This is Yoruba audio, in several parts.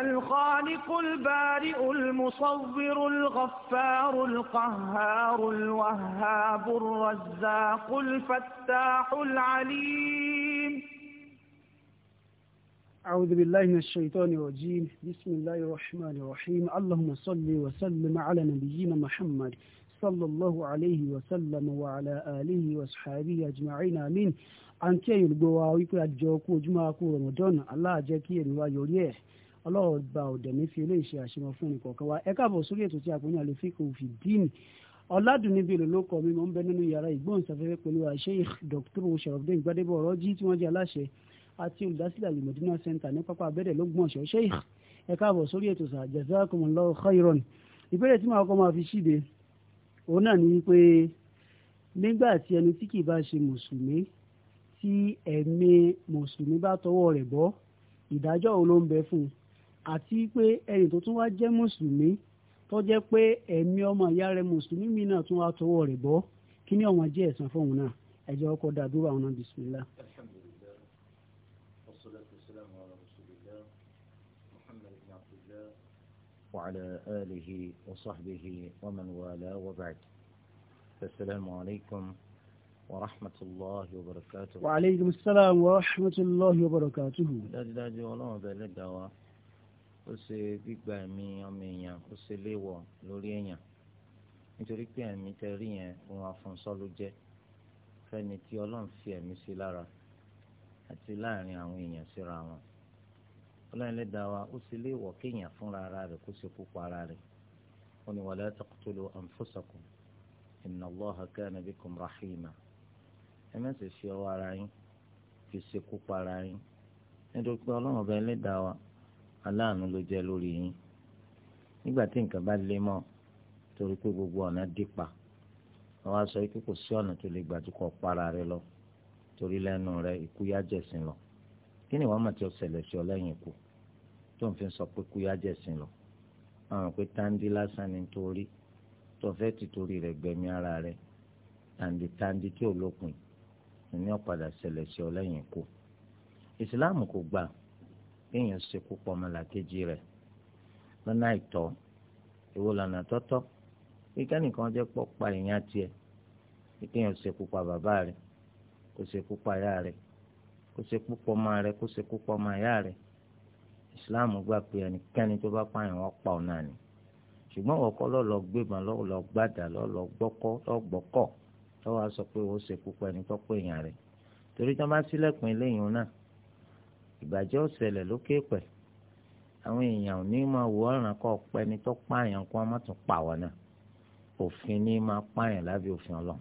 الخالق البارئ المصور الغفار القهار الوهاب الرزاق الفتاح العليم أعوذ بالله من الشيطان الرجيم بسم الله الرحمن الرحيم اللهم صل وسلم على نبينا محمد صلى الله عليه وسلم وعلى آله وصحبه أجمعين آمين أنت ẹ̀yìn olùgbọ́ wa wípé àjọ الله ojúmọ́ akú rọ̀mọ̀dọ́nà ọlọ́run gba ọ̀dẹ̀ ní fi eléyìí ṣe àṣemọ fún ẹnì kọ̀ọ̀kan wa ẹ káàbọ̀ sórí ètò tí a pè ní àlefíkò fi díìnì ọ̀làdùnníbi ló lóko mi mọ̀ ń bẹ nínú yàrá ìgbóhùnsáfẹ́fẹ́ pẹ̀lú Sheikh Dr. sharafdin gbadebo ọ̀rọ̀jì tí wọ́n jẹ́ aláṣẹ àti olùdásílẹ̀ alimọ̀dínà center ní pápá abẹ́rẹ́ ló gbọ̀n ṣọ́ Sheikh ẹ káàbọ̀ sórí ètò sà jazakumullahu khairan ìbéèrè tí màá kọ́ máa fi ṣíde òun náà ni pé nígbà tí ẹni tí kì í ló ń bẹ fún un àti pé ẹni tó tún wá jẹ́ mùsùlùmí tó jẹ́ pé ẹ̀mí ọmọ ìyá rẹ̀ mùsùlùmí mi náà tún wá tọwọ́ rẹ̀ bọ́ kí ni ọmọ jẹ́ ẹ̀san fóun náà ẹ ọkọ̀ dàdúrà ọ̀nà bisimilá. alhamdulillah wassalatu wassalamu ala rasulillah muhammad ibn abdullah ورحمة الله وبركاته وعليكم السلام ورحمة الله وبركاته لا لا جوالا وبلد دواء ó ṣe gbígba ẹ̀mí ọmọ èèyàn ó ṣe léèwọ̀ lórí èèyàn nítorí pé ẹ̀mí tẹ rí yẹn òun àfọ̀nsọ ló jẹ́ fẹ́ni tí ọlọ́run fi ẹ̀mí sí lára àti láàrin àwọn èèyàn síra wọn ọlọ́run lè dá wa ó ṣe léèwọ̀ kéèyàn fúnra ara rẹ̀ kó ṣe kú pa rẹ̀ ó ní wala taqtulu anfusakum inna Allaha kana bikum rahima ẹ má fi ọwọ́ ara yín fi ṣe kú pa yín nítorí pé ọlọ́run ọba ẹlẹ́dàá wa aláàánú ló jẹ́ lórí yín nígbà tí nǹkan bá lé mọ́ torí pé gbogbo ọ̀nà dípa wọ́n á sọ pé kò sí ọ̀nà tó lè gbà tó kọ́ para rẹ lọ torí lẹ́nu rẹ ikú yá jẹ̀sìn lọ kí ni wọ́n mọ̀ tí ó ṣẹlẹ̀ sí ọ lẹ́yìn ikú tó ń fi sọ pé ikú lọ àwọn pé táǹdì lásán ni torí tó fẹ́ ti torí rẹ̀ gbẹ̀mí ara rẹ táǹdì táǹdì tí ò lópin ìní ọ̀padà ṣẹlẹ̀ sí ọ lẹ́yìn ikú ìsìláàmù kò gbà kéèyàn ṣekú pa ọmọlàkejì rẹ̀ lọ́nà àìtọ́ èwo lọ́nà tọ́tọ́ bí kẹ́nìkan jẹ́ pọ̀ pa èèyàn tiẹ̀ bí kéèyàn ṣekú bàbá rẹ̀ kó ṣekú pa ìyá rẹ̀ kó ṣekú pa ọmọ rẹ̀ kó ọmọ rẹ̀ ìsìláàmù gbà pé ẹnikẹ́ni tó bá pààyàn wọ́n pa ọ̀nà ni ṣùgbọ́n lọ́lọ́ gbébọn lọ́lọ́ gbàdà lọ́lọ́ gbọ́kọ́ lọ́gbọ́kọ́ sọ pé ó ẹni tó pé èèyàn rẹ̀ torí tí wọ́n bá sílẹ̀kùn eléyìí náà ìbàjẹ́ ó ṣẹlẹ̀ lókè pẹ̀ àwọn èèyàn ò ní máa wọ ọ̀ràn kọ́ pẹ́ni tó pààyàn kó má tún pa wọ́n náà òfin ní máa pààyàn lábẹ́ òfin ọlọ́run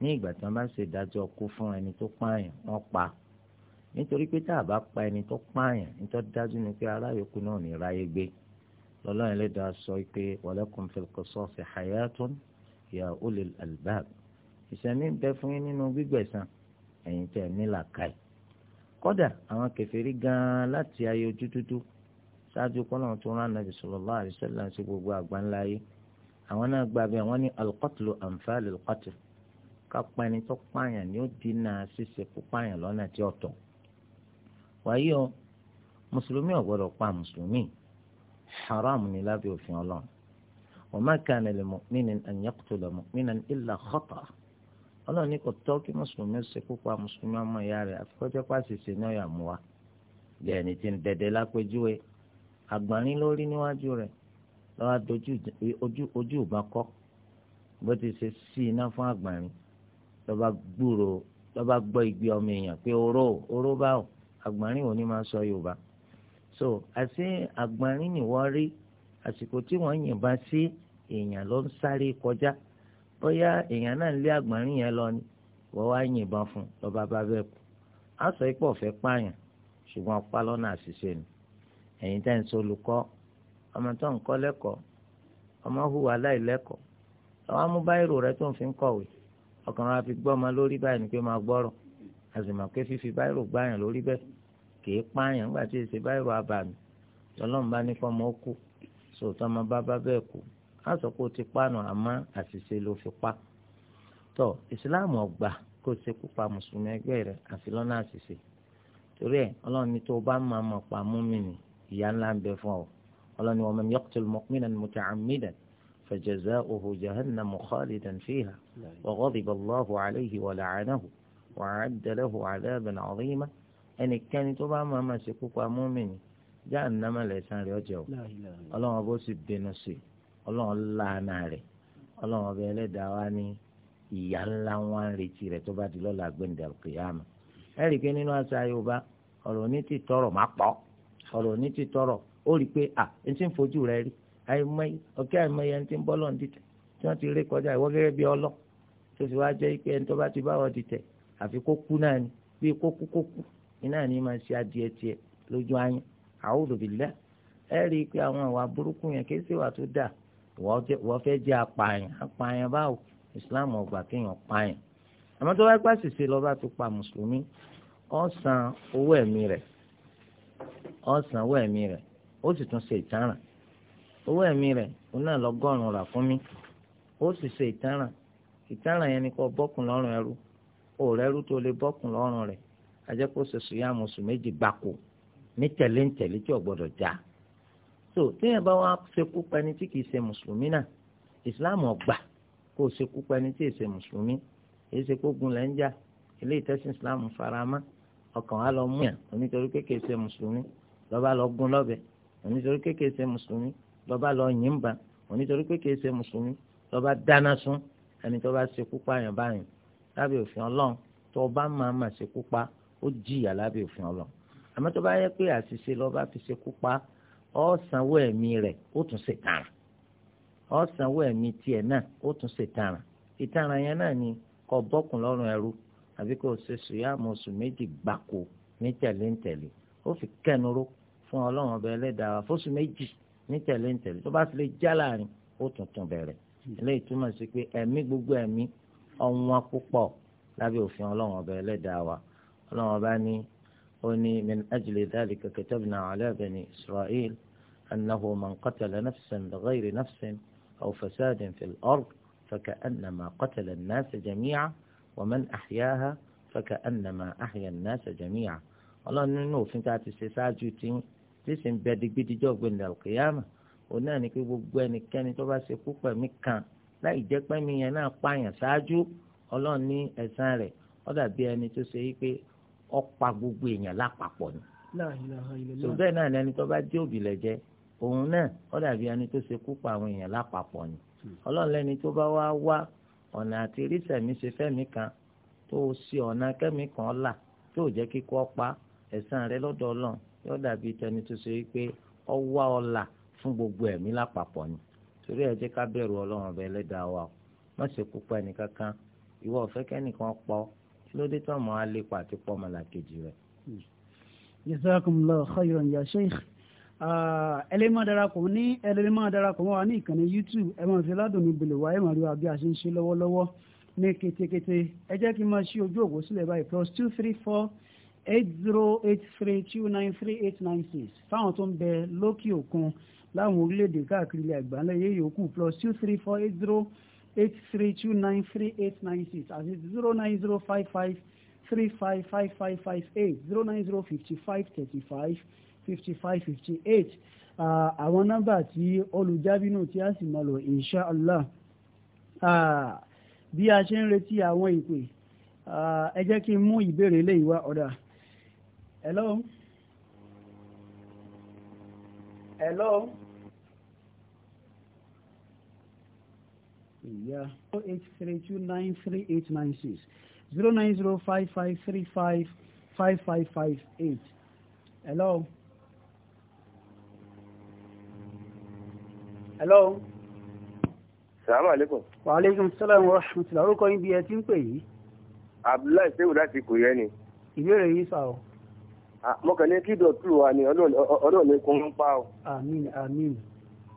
ní ìgbà tí wọ́n bá ṣe ìdájọ́ kú fún ẹni tó pààyàn wọ́n pa nítorí pé tá a bá pa ẹni tó pààyàn nítorí dájú ni pé aráyòkú náà ní ráyé gbé lọ́lọ́run ẹlẹ́dàá sọ pé walakum fil qisasi hayatun ya ulil albab ìṣẹ̀mí ń bẹ fún yín nínú gbígbẹ̀san ẹ̀yin tẹ̀ ní làkàì kódà àwọn kèfèrí gan-an láti ayé ojú tútú ṣáájú kọ́nà tó rán anabi sallallahu alaihi wasallam sí gbogbo àgbáńlá ayé àwọn náà gba abẹ́ wọn ní alqatlu anfalil qatl kápá ẹni tó pààyàn ni ó dínà ṣíṣe pípààyàn lọ́nà tí ó tọ́ wáyé o mùsùlùmí ò gbọ́dọ̀ pa mùsùlùmí haram ni lábẹ́ òfin ọlọ́run wa ma kana li mu'minin an yaqtula mu'minan illa khata'a ọlọ́ọ̀ni kò tọ́ kí mùsùlùmí ṣekú pa mùsùlùmí ọmọ ìyá rẹ̀ àfikọ́jọ́ pàṣẹṣe náà yà mú wa bí ẹni tí ń dẹ̀dẹ̀ lápẹjúwe àgbọ̀nrín lórí níwájú rẹ̀ lọ́wọ́ dojú ojú ìbọn kọ́ bó ti ṣe sí iná fún àgbọ̀nrín lọ́ba gbúrò lọ́ba gbọ́ igbe ọmọ èèyàn pé oró oró báwò àgbọ̀nrín ò ní máa sọ Yorùbá so àti àgbọ̀nrín nìwọ́ rí àsìkò tí wọ́n yìnbọn sí èèyàn ló ń sáré kọjá bóyá èèyàn náà ń lé àgbọ̀nrín yẹn lọ ni wọ́n wá yìnbọn fún lọ́ba bá bẹ́ẹ̀ kú á sọ pé ọ̀fẹ́ pààyàn ṣùgbọ́n ọ̀pá lọ́nà àṣìṣe ni ẹ̀yin tẹ́ ń sọ olùkọ́ ọmọ tó ń kọ́ lẹ́kọ̀ọ́ ọmọ hùwà láìlẹ́kọ̀ọ́ àwọn amúbáyìrò rẹ tó ń fi ń kọ̀wé ọkàn wa fi gbọ́ ọmọ lórí báyìí ni pé máa gbọ́rọ̀ àzìmọ̀ pé fífi báyìrò gbáyàn lórí bẹ́ẹ̀ kìí pààyàn nígbà tí èsì báyìí wà bàmí tọ́lọ́mùbá ní kọ́ ọmọ ó kú sòtọ́ ọmọ bá bá bẹ́ẹ̀ kú á sọ pé o ti pánu àmọ́ àṣìṣe ló fi pa tó ìsìláàmù ọgbà kó ṣe kú pa mùsùlùmí ẹgbẹ́ rẹ̀ àfi lọ́nà àṣìṣe torí ẹ̀ ọlọ́run ní tó o bá máa mọ̀ pa múmìnì ìyá ńlá ń bẹ fún ọ ọlọ́run ní wa man yaqtul mu'minan muta'ammidan فجزاؤه جهنم خالدا فيها وغضب الله عليه ولعنه وأعد له عذابا عظيما ẹnikẹ́ni tó ọlọ́run làánà rẹ̀ ọlọ́run ọbẹ̀ ẹlẹ́dàá wa ní ìyá ńlá wọn ń retí rẹ̀ tó bá di lọ́la gbẹ̀ǹdà kìyàmù ẹ rí i pé nínú àṣà yorùbá ọ̀rọ̀ ní ti tọrọ má pọ̀ ọ̀rọ̀ ní ti tọrọ ó rí i pé à ń ti ń fojú rẹ rí àìmọye ọ̀kẹ́ àìmọye ẹni tí ń bọ́ lọ́n dìtẹ̀ tí wọ́n ti rí kọjá ìwọ́ gẹ́gẹ́ bí ọlọ́ tó fi wá jẹ́ pé ẹni tó bá ti bá dìtẹ̀ àfi kó náà ni bíi kókú kókú iná ni máa ṣe adìẹ tiẹ̀ lójú ayán àwòrán bìlẹ̀ ẹ rí i pé àwọn àwa burúkú yẹn kì í tó dáa wọ́n fẹ́ jẹ́ apààyàn apààyàn báwo islam ọgbà kéèyàn pààyàn àmọ́ tó bá gbà ṣèṣe lọ baa tó pa mùsùlùmí san owó ẹ̀mí rẹ̀ ó san owó ẹ̀mí rẹ̀ ó sì tún ṣe ìtanràn owó ẹ̀mí rẹ̀ òun náà lọ́gọ́rùn rà fún mi ó sì ṣe ìtanràn ìtanràn yẹn ni kò bọ́kùn lọ́rùn ẹrú ẹrú tó lè bọ́kùn lọ́rùn rẹ̀ yá mùsùlùmí gbáko ní tẹ̀léńtẹ̀lé tí ò gbọ́dọ̀ já. so téèyàn bá wá ṣekú pa ẹni tí kìí ṣe mùsùlùmí náà ìsìláàmù ọgbà kó ṣekú pa ẹni tí kìí ṣe mùsùlùmí èyí ṣe kó gun lẹ́ńjà ilé ìtẹ́sìn ìsìláàmù farama ọkàn wa lọ mú yàn onítorí kéèké ṣe mùsùlùmí lọ́ba lọ gun lọ́bẹ onítorí kéèké ṣe mùsùlùmí lọ́ba lọ yìnbọn onítorí kéèké ṣe mùsùlùmí lọ́ba dáná sun ẹni tó bá ṣekú pa yàn báyìí lábẹ́ òfin ọlọ́run tó bá máa máa ṣekú pa ó jìyà lábẹ́ òfin ọlọ́run àmọ́ tó bá yẹ pé àṣìṣe lọ́ba fi ṣekú pa á ọ sanwó ẹ̀mí rẹ̀ ó tún ṣe tààrà ọ sanwó ẹ̀mí tiẹ̀ náà ó tún ṣe tààrà ìtààrà yẹn náà ni kó bọ́kùn lọ́rùn ẹrú àbí kó ṣe sùyàmù oṣù méjì gbáko ní tẹ̀léńtẹ̀lé ó fi kẹnuró fún ọlọ́run ọba ẹlẹ́dàá fóṣù méjì ní tẹ̀léńtẹ̀lé tó bá ti lè já láàrin ó tún tún bẹ̀rẹ̀ eléyìí túmọ̀ sí pé ẹ̀mí gbogbo ẹ̀mí ọ̀wọ́n púpọ̀ lábẹ́ òfin ọlọ́run ọba ẹlẹ́dàá wa ọlọ́run ọba ní أني من أجل ذلك كتبنا على بني إسرائيل أنه من قتل نفسا بغير نفس أو فساد في الأرض فكأنما قتل الناس جميعا ومن أحياها فكأنما أحيا الناس جميعا ọlọ́run nínú òfin tá a ti ṣe ṣáájú tí tí sì ń bẹ digbídijọ́ gbẹ̀ndà òkèèyàmà òun náà ni pé gbogbo ẹnikẹ́ni tó bá ṣe kú pẹ̀mí kan láì jẹ́ pẹ́mí yẹn náà pààyàn ṣáájú ọlọ́run ní ẹ̀san rẹ̀ ó dàbí ẹni tó ṣe yí pé ọ̀pá gbogbo èèyàn lápapọ̀ ni. so bẹ́ẹ̀ náà lẹni tó bá jẹ́ òbí lẹ́jẹ́ òun náà ó dàbí ẹni tó ṣe kú pa àwọn èèyàn lápapọ̀ ni. Hmm. ọlọ́run lẹni tó bá wá wá ọ̀nà àti rísẹ̀mí ṣe fẹ́mi kan tó o ṣe ọ̀nà kẹ́mi kan là tó o jẹ́ kíkọ́ pa ẹ̀san rẹ lọ́dọ̀ ọlọ́run yóò dàbí tẹni tó ṣe wípé ọwá ọlà fún gbogbo ẹ̀mí lápapọ̀ ni torí ẹ jẹ́ ká bẹ̀rù ọlọ́run ọbẹ̀ ẹlẹ́dàá wa má ṣe kú pa ẹnìkankan ìwọ ọ̀fẹ́ kẹ́nìkan pọ̀ kí ló dé tó ọmọ alépa àti pọ́mọlà kejì rẹ̀. jazakumullahu khairan ya sheikh ẹlẹ́mọ̀ darapọ̀ ní ẹlẹ́mọ̀ darapọ̀ wà ní ìkànnì youtube ẹ máa fi ládùn ní bèlè wá ẹ máa rí wa bí a ṣe ń ṣe lọ́wọ́lọ́wọ́ ní kétékété ẹ jẹ́ kí n máa ṣí ojú òkú sílẹ̀ báyìí plus two three four eight zero eight three two nine three eight nine six fáwọn tó ń bẹ lókè òkun láwọn orílẹ̀-èdè káàkiri àgbáńlá yẹ yòókù plus two three four eight zero eight three two nine three eight nine six àti zero nine zero five five three five five five five eight zero nine zero fifty five thirty five fifty five fifty eight àwọn nọ́mbà tí olùjábínú tí a sì máa lò inshallah uh, bí a ṣe ń retí àwọn ìpè uh, ẹ jẹ́ kí n mú ìbéèrè eléyìí wá ọ̀dà hello hello. ìyá four oh eight three two nine three eight nine six zero nine zero five five three five five five five eight hello. hello. salamu aleykum. wa aleykum salaam wa rahmatulah orúkọ yín bí ẹ ti ń pè yìí. abdullahi sehun láti kò yẹ ni. ìbéèrè yìí sà o. Ah, mo kàn ní kí dọ̀tú wa ni ọlọ́ọ̀ni kún un pa o. àmín àmín.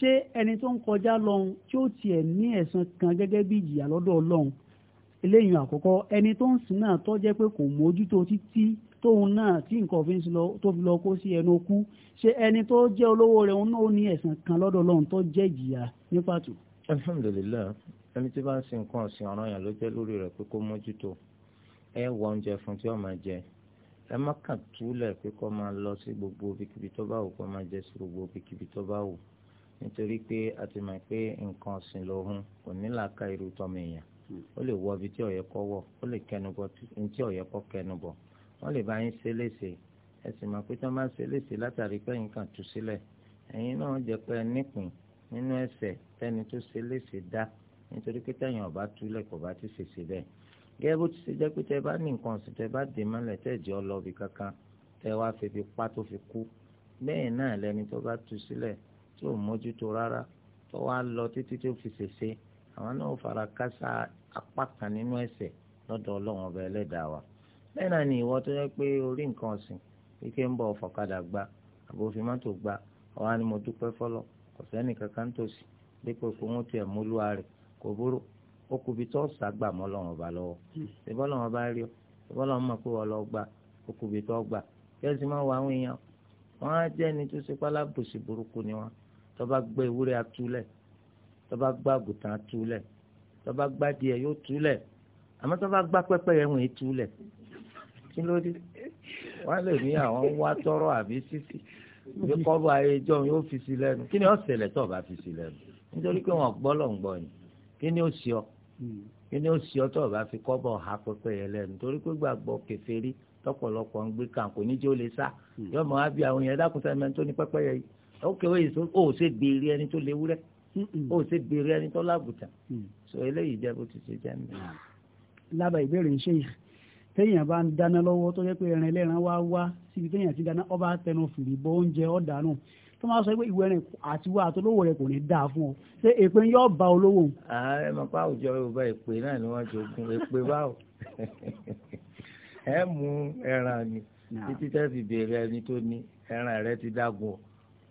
ṣé ẹni tó ń kọjá lọ́hùn tí ó tiẹ̀ ní ẹ̀san kan gẹ́gẹ́ bí ìjìyà lọ́dọ̀ ọlọ́hun eléyìí àkọ́kọ́ ẹni tó ń sìn náà tó jẹ́ pé kò mójútó títí tóun náà tí nǹkan fi ń sọ tó fi lọ kó sí ẹnu kú ṣé ẹni tó jẹ́ olówó rẹ̀ òun náà ní ẹ̀san kan lọ́dọ̀ ọlọ́hun tó jẹ́ ìjìyà ní pàtó. alhamdulilayi ẹni tí bá ń sin nǹkan ọ̀sìn ọ̀ràn yàn ló jẹ́ lórí rẹ̀ pé kó mójútó ẹ wọ oúnjẹ fún tí ó máa jẹ ẹ má kàn túlẹ̀ pé kó máa lọ sí gbogbo ibikíbi tó bá wù kó máa jẹ sí gbogbo ibikíbi tó bá wù nítorí pé a ti mọ̀ pé nǹkan ọ̀sìn lòun kò nílàka irú tọmọ èèyàn ó lè wọ ibi tí ọ̀yẹ́ kọ́ wọ̀ ó lè kẹnubọ̀ tí ọ̀yẹ́ kọ́ kẹnubọ̀ wọ́n lè bá yín ṣe léṣe ẹ sì mọ̀ pé tí wọ́n bá ṣe léṣe látàrí pé yín kàn tú sílẹ̀ ẹ̀yin náà jẹ́ pé nípìn nínú ẹ̀ṣẹ̀ tẹ́ni tó ṣe léṣe dá nítorí pé tẹ̀yìn ọ̀bá túlẹ̀ kò bá ti ṣèṣe bẹ́ẹ̀ gẹ́gẹ́ bó tí ò mójútó rárá tó wá lọ títí tó fi ṣèṣe àwọn náà fara kásá apá kan nínú ẹ̀ṣẹ̀ lọ́dọ̀ Ọlọ́run ọba Ẹlẹ́dàá wa bẹ́ẹ̀ náà ni ìwọ tó yẹ pé orí nǹkan ọ̀sìn wípé ń bọ̀ ọ̀fọ̀kadà gba àbòfin mọ́tò gba ọ̀hún á ní mo dúpẹ́ fọlọ́ kò sẹ́ni kankan tòsí dípò kó wọ́n tiẹ̀ múlùú rẹ̀ kò búrò ó kú ibi tó sàgbà mọ́ Ọlọ́run ọba lọ́wọ́ ìbọn Ọlọ́run ọba rí ọ ìbọn Ọlọ́run mọ̀ pé wọ́n lọ gba ó kú ibi tó gbà kẹ́sì máa wọ àwọn èèyàn wọ́n á jẹ́ ẹni tó ṣe pálábùsì burúkú ni wọ́n tó bá gbá ewúrẹ́ atúlẹ̀ tó bá gbá àgùntàn atúlẹ̀ tó bá gbá adìẹ yóò túlẹ̀ àmọ́ tó bá gbá pẹ́pẹ́yẹ wọn ètúlẹ̀ kí ló dé wọ́n lè ní àwọn wá tọrọ àbí sísì bí kọ́bù ayéjọ́ yóò fi sí lẹ́nu kí ni ó ṣẹlẹ̀ tó bá fi sí lẹ́nu nítorí pé wọ́n gbọ́ lọ́ ń gbọ́ ni kí ni ó sì ọ́ kí ni ó sì ọ́ tó bá fi kọ́bù ha pẹ́pẹ́yẹ lẹ́nu torí pé gbàgbọ́ kèfèrí tọ́pọ̀lọpọ̀ ń gbé kan kò ní jẹ́ ó lè sá hmm. yọmọ á ókè wọ́n yìí tó ṣe ẹni tó léwúrẹ́ ó ṣe oh, ẹni tó lágùtà mm. so eléyìí jẹ́ bó ti ṣe jẹ́ mi. Ah. lábàá ìbéèrè ń ṣe yìí téèyàn bá ń dáná lọ́wọ́ tó jẹ́ pé wá wá síbi téèyàn ti dáná ọba tẹnu fìrì bọ oúnjẹ ọ̀dànù tó máa sọ pé ìwé rẹ̀ àti wá kò ní dáa fún ọ èpè ń yọ olówó. ààrẹ àwùjọ yorùbá èpè náà ni wọn èpè báwo ẹ mú ẹran ni ah. títí tẹ́ fi ẹni tó ní ẹran rẹ ti ọ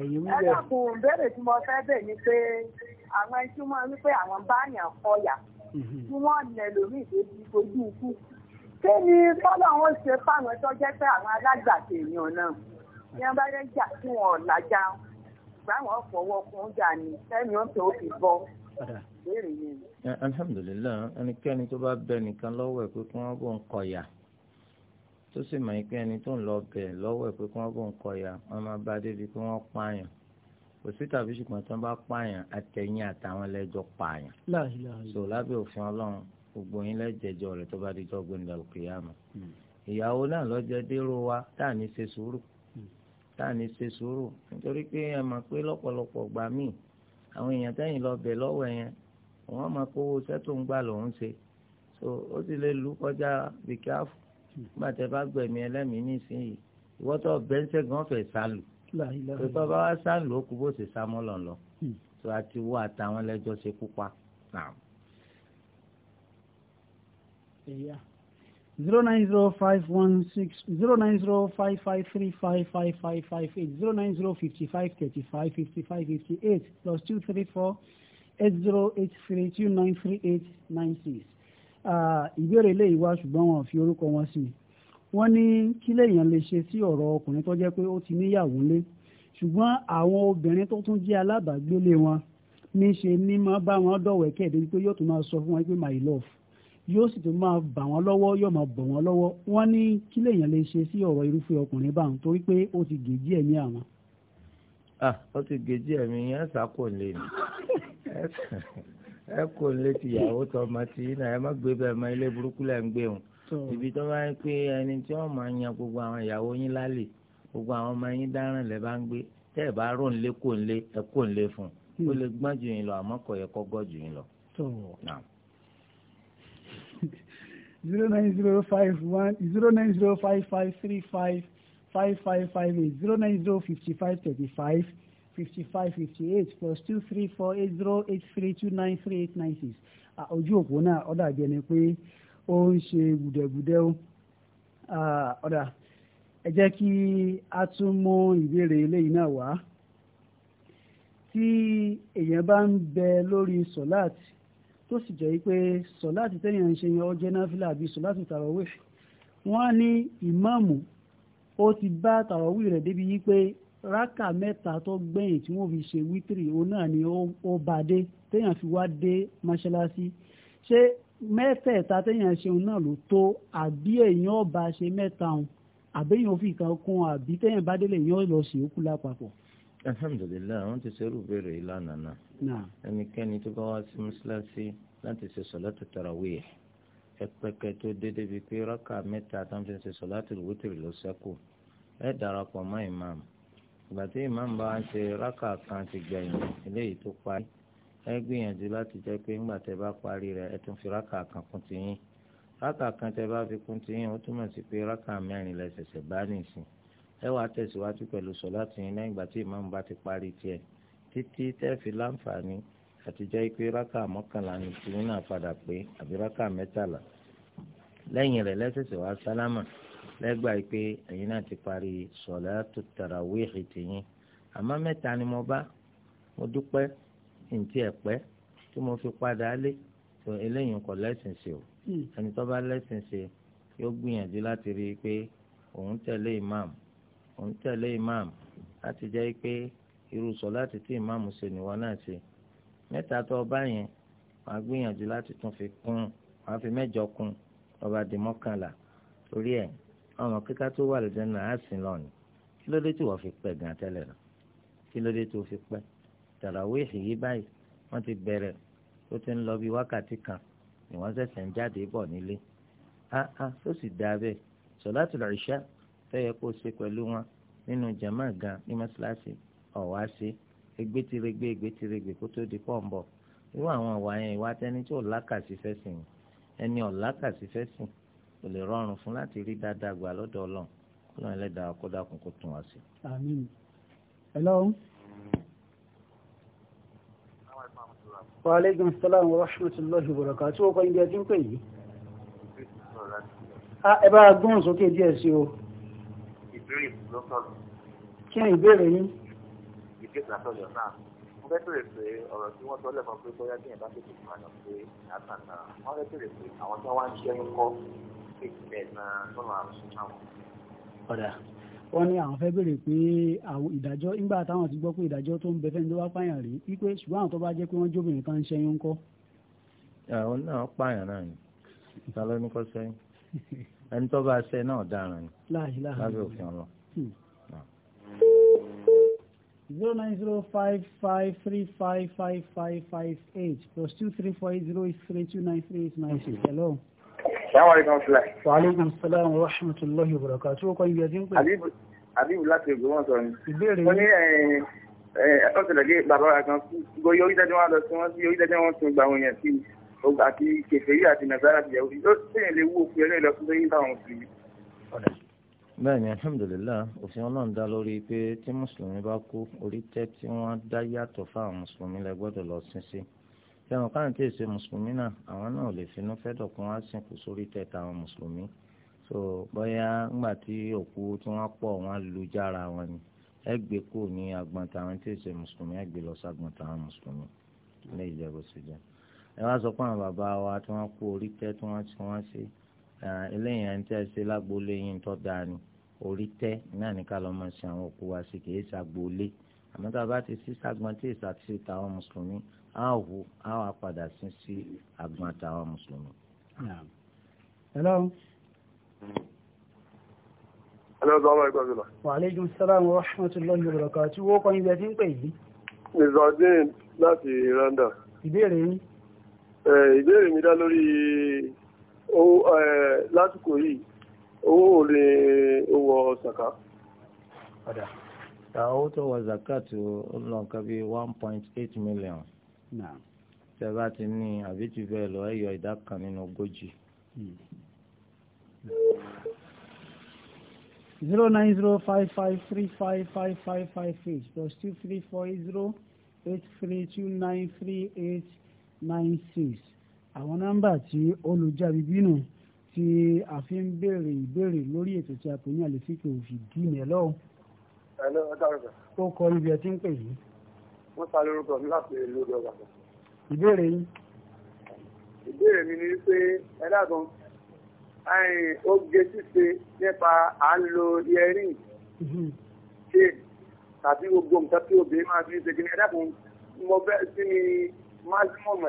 ẹ̀yìn wíwẹ̀. ẹ dàkún ìbéèrè tí mo fẹ́ bẹ̀ ni pé àwọn ẹni tí wọ́n wí pé àwọn báyàn kọyà mhm. tí wọ́n nà lómìn tó ti fojú ikú. kí ni tọ́lá wọn ṣe fáwọn tó jẹ́ pé àwọn alágbàtà èèyàn náà ní wọ́n bá yẹn jà kí wọ́n làjà gbàwọn fọwọ́ kún jà ní sẹ́ni ó tó fi bọ́ alhamdulilayi ẹnikẹ́ni tó bá bẹ nìkan lọ́wọ́ ẹ̀ pé kí wọ́n bọ̀ ń kọyà tó sì mọ̀ pé ẹni tó ń lọ bẹ̀ lọ́wọ́ ẹ̀ pé kí wọ́n bò ń kọyà wọ́n máa bá débi pé wọ́n pààyàn kò sí tàbí ṣùgbọ́n tí wọ́n bá pààyàn àtẹ̀yìn àtàwọn lẹ́jọ́ pààyàn. so lábẹ́ òfin ọlọ́run gbogbo yín lẹ́jẹ̀jọ́ rẹ̀ tó bá di jọ́gbìn ní alùpùpù ìyàwó náà lọ́jọ́ dérò wa tá à ní ṣe sùúrù hmm. tá à ní ṣe sùúrù nítorí pé ẹ mọ̀ pé lọ́pọ̀lọpọ̀ gbà míì àwọn èèyàn tẹ́yìn lọ bẹ̀ lọ́wọ́ yẹn wọ́n máa kówó sẹ́tò ń gbà lòún ṣe so ó sì lè lù kọjá bìkẹ́ àfọ̀ gbàtẹ́ bá gbẹ̀mí ẹlẹ́mìí nísìnyí ìwọ́tọ̀ bẹ́ńsẹ̀ gan fẹ̀ sálù pípa bá wá sálù ó kú bó ṣe sá mọ́lọ̀ lọ tó hmm. a ti wọ́ àtàwọn lẹ́jọ́ ṣe kú zero nine zero five one six zero nine zero five five three five five five five eight zero nine zero fifty five thirty five fifty five fifty eight plus two three four eight zero eight three two nine three eight nine six ìbéèrè eléyìí wá ṣùgbọ́n wọn fi orúkọ wọn sí i wọ́n ní kí lèèyàn lè ṣe sí ọ̀rọ̀ ọkùnrin tó jẹ́ pé ó ti níyàwó ńlé ṣùgbọ́n àwọn obìnrin tó tún jẹ́ alábàágbélé wọn níṣe ní máa bá wọn dọ̀wẹ́kẹ̀ débi pé yóò tún máa sọ fún wọn pé my love yóò sì tún máa bà wọ́n lọ́wọ́ yóò máa bọ̀ wọ́n lọ́wọ́ wọ́n ní kí lèèyàn lè ṣe sí ọ̀rọ̀ irúfẹ́ ọkùnrin báwọn torí pé ó ti gèjì ẹ̀mí àwọn. Ah, ó ti gèjì ẹ̀mí yẹn ṣàkóso ẹ kò ń létí ìyàwó tọmọ tí iná ẹ má gbé bẹ́ẹ̀ mọ ilé burúkú lẹ́ ń gbé wọn. ibi tó bá ń pé ẹni tí wọ́n máa ń yan gbogbo àwọn ìyàwó yín lálẹ́ gbogbo àwọn ọmọ yín dáràn lẹ́ bá ń gbé tẹ́ ẹ̀ bá rò ń lé kò ń lé ẹ kò ń lé fún un hmm. ó lè gbọ́n jù yín lọ àmọ́ kò yẹ kó gọ́ jù yín lọ. zero nine zero five one zero nine zero five five three five five five five eight zero nine zero fifty five thirty five fifty five fifty eight plus two three four zero eight three two nine three eight nine six ojú òpó náà ọ̀dà jẹ́ ni pé ó ń ṣe gùdẹ̀gùdẹ̀ ó ọ̀dà ẹ jẹ́ kí a tún mú ìbéèrè eléyìí náà wá tí èèyàn bá ń bẹ lórí sọ̀láàtì tó sì jẹ́ pé sọ̀láàtì tẹ̀yàn ń ṣe yan ọjọ́ náfìlà àbí sọ̀láàtì tàràwíì wọ́n á ní ìmáàmù ó ti bá tàràwíì rẹ̀ débi wípé rákà mẹ́ta tó gbẹ̀yìn tí wọ́n fi ṣe wítìrì òun náà ni ó bá dé téèyàn fi wá dé mọ́ṣáláṣí ṣé mẹ́tẹ̀ẹ̀ta téèyàn ṣe òun náà ló tó àbí èèyàn ọba ṣe mẹ́ta òun àbí èèyàn fi kan kún àbí téèyàn bá délé èèyàn lọ sí òkú lápapọ̀. alhamdulilayi wọn ti ṣerú béèrè ìlànà náà ẹnikẹ́ni tó bá wá sí mọ́ṣáláṣí láti ṣe sọ̀látù tarawih ẹpẹkẹ tó dédé bíi pé ẹ ìgbà tí ìmáàmù bá ń ṣe rákà kan ti gbẹ̀yìn eléyìí tó parí ẹ gbìyànjú láti jẹ́ pé ńgbà tẹ́ bá parí rẹ̀ ẹ tún fi rákà kan kún ti yín rákà kan tẹ́ bá fi kún ti yín ó túmọ̀ sí pé rákà mẹ́rin lẹ ṣẹ̀ṣẹ̀ bá nìsín ẹ wàá tẹ̀síwájú pẹ̀lú sọ̀láàtì yín lẹ́yìn ìgbà tí ìmáàmù bá ti parí tiẹ̀ títí tẹ́ fi láǹfààní àti jẹ́ pé rákà mọ́kànlá ni tìyín náà padà pé àbí rákà mẹ́tàlá lẹ́yìn rẹ̀ wá sálámà lẹ́gbàá pé ẹ̀yin náà ti parí sọ̀látù tàràwíhì tìyín àmọ́ mẹ́ta ni mo bá mo dúpẹ́ ntí ẹ̀ pẹ́ tí mo fi padà lé tó eléyìí kò lẹ́sìn sí o hmm. ẹni tó bá lẹ́sìn sí yóò gbìyànjú láti rí i pé òun tẹ̀lé imam òun tẹ̀lé imam láti jẹ́ pé irú sọ̀látù tí imam ṣe nìwọ náà ṣe mẹ́ta tó o bá yẹn wàá gbìyànjú láti tún fi kún wàá fi mẹ́jọ kún ọba di mọ́kànlá torí ẹ̀ ọmọ kíká tó wà lójú náà á sìn lọ́ọ̀nì kí ló dé tí wọ́n fi pẹ́ gan tẹ́lẹ̀ náà kí ló dé tó fi pẹ́ tàràwéèhì yìí báyìí wọ́n ti bẹ̀rẹ̀ ó ti ń lọ bí wákàtí kan ni wọ́n ṣẹ̀ṣẹ̀ ń jáde bọ̀ nílé áá ó sì dáa bẹ́ẹ̀ sọ̀látùl ìṣá fẹ́yẹ kó ṣe pẹ̀lú wọn nínú jàmáà gan ní mọ́ṣáláṣí ọ̀wá ṣe egbétiregbe egbétiregbe kó tó di pọ́ǹbọ̀ irú àwọn ọ̀wá yẹn ìwà tẹ́ni tí ò lákàtí fẹ́ sìn ẹni ọ̀ lákàtí fẹ́ sìn kò lè rọrùn fún láti rí dáadáa gbà lọ́dọ̀ ọlọ́run kó lóun ẹlẹ́dàá kó dákun kó tún wá sí. àmín. hello. wa salaam wa rahmatulahi wa barakatuh tí ó kọ́ ibi ẹtí ń pè yìí. ẹ bá a gbóhùn sókè díẹ̀ sí o. ìbéèrè ló sọ̀rọ̀. kí ni ìbéèrè yín. ìbéèrè àtọ̀yọ̀ náà mo fẹ́ bèrè pé ọ̀rọ̀ tí wọ́n sọ lẹ́kọ̀ọ́ pé bóyá ọ̀dà wọ́n ní àwọn fẹ́ béèrè pé àwọn ìdájọ́ nígbà táwọn ti gbọ́ pé ìdájọ́ tó ń bẹ fẹ́ni tó bá pààyàn rí wípé ṣùgbọ́n àwọn tó bá jẹ́ pé wọ́n jóbìnrin kan ń ṣẹ́yún ńkọ́. àwọn náà pààyàn náà ni ta ló ní kọ́ sẹ́yìn ẹni tó bá ṣe náà dára ni lábẹ́ òfin ọlọ. Hmm. zero nine zero five five three five five five five eight plus two three four eight zero eight three two nine three eight nine six hello. Wàhálẹ́gùn Sálàmù Rọ́ṣùmùtúlọ́hì Bùrọ̀kà tí ó kọ́ ibi ẹjí ń pè. Àbíbù láti ògbómọ̀ sọ ni. Ìbéèrè yìí. Wọ́n ní ẹ̀ẹ́dọ́sẹ̀lẹ̀gé eh, eh, bàbá rẹ̀ kan gbogbo yóò dájọ́ wọn lọ sí wọn sí yóò dájọ́ wọn sí gbà wọn yẹn sí ọgbà àti kèfèrí àti nàìjíríà ti yẹ̀wò yóò sẹ́yìn lè wú òfin ẹlẹ́yìn lọ sí lóyún táwọn mùsùlùmí. Bẹ́ẹ̀ni alhamdulilayi òfin Ọlọ́run dá lórí pé tí mùsùlùmí bá kú orí tẹ́ tí wọ́n dá yàtọ̀ fáwọn mùsùlùmí lẹ gbọ́dọ̀ lọ sin sí sẹ́wọ̀n káwọn tí èsè mùsùlùmí náà àwọn náà ò lè finú fẹ́dọ̀ kí wọ́n á sìnkú sórí tẹ̀tà àwọn mùsùlùmí so bóyá ńgbà tí òkú tí wọ́n pọ̀ wọ́n lu jára wọn ni ẹ gbé kú ní agbọ̀n táwọn tí èsè mùsùlùmí ẹ gbé lọ ságbọ̀n táwọn mùsùlùmí ilé ìjẹ́bù sí jẹ́ ẹ wá sọ pé àwọn bàbá wa tí wọ́n kú orí tẹ́ tí wọ́n ti wọ́n sí eléyìí tẹ́ ṣe lágboolé ni orí tẹ́ náà ní ká àmọ́ tá a bá ti sí sàgbọ́n tí ìsàtì tàwọn mùsùlùmí á wò á wà padà sí sí àgbọn tàwọn mùsùlùmí. hello. hello sọ́wọ́n ẹ̀kọ́ sílọ. wa salaam wa rahmatullahi wa barakatuh tí wọ́n kọ́ ibẹ̀ tí ń pè yìí. nizadeen láti randa. ìbéèrè yín. ìbéèrè mi dá lórí lásìkò yìí owó ò lè wọ ṣàká owó tó wọ zakatu ó lọ nǹkan bíi one point eight million tẹ bá ti ní àbí jù bẹ́ẹ̀ lọ ẹ yọ ìdá kan nínú ogójì. zero nine zero five five three five five five five eight plus two three four eight zero eight three two nine three eight nine six àwọn nọ́mbà tí olùjábí bínú tí a fi ń béèrè ìbéèrè lórí ètò tí a pè ní àlefíkè òfin dì mí lọ́wọ́ ẹ̀lọ́ ẹ̀ka rẹ̀. ó kọ ibi ẹ̀ tí ń pè yìí. wọ́n ta lórúkọ mi láti ìlú ọgbà. ìbéèrè yín. ìbéèrè mi ni pé ẹ dàgbọ́n ó gé ṣíṣe nípa à ń lo yẹrin ṣe mhm. tàbí gbogbo nǹkan tí obìnrin máa fi ṣe kí ni ẹ mo bẹ́ sí ni maximum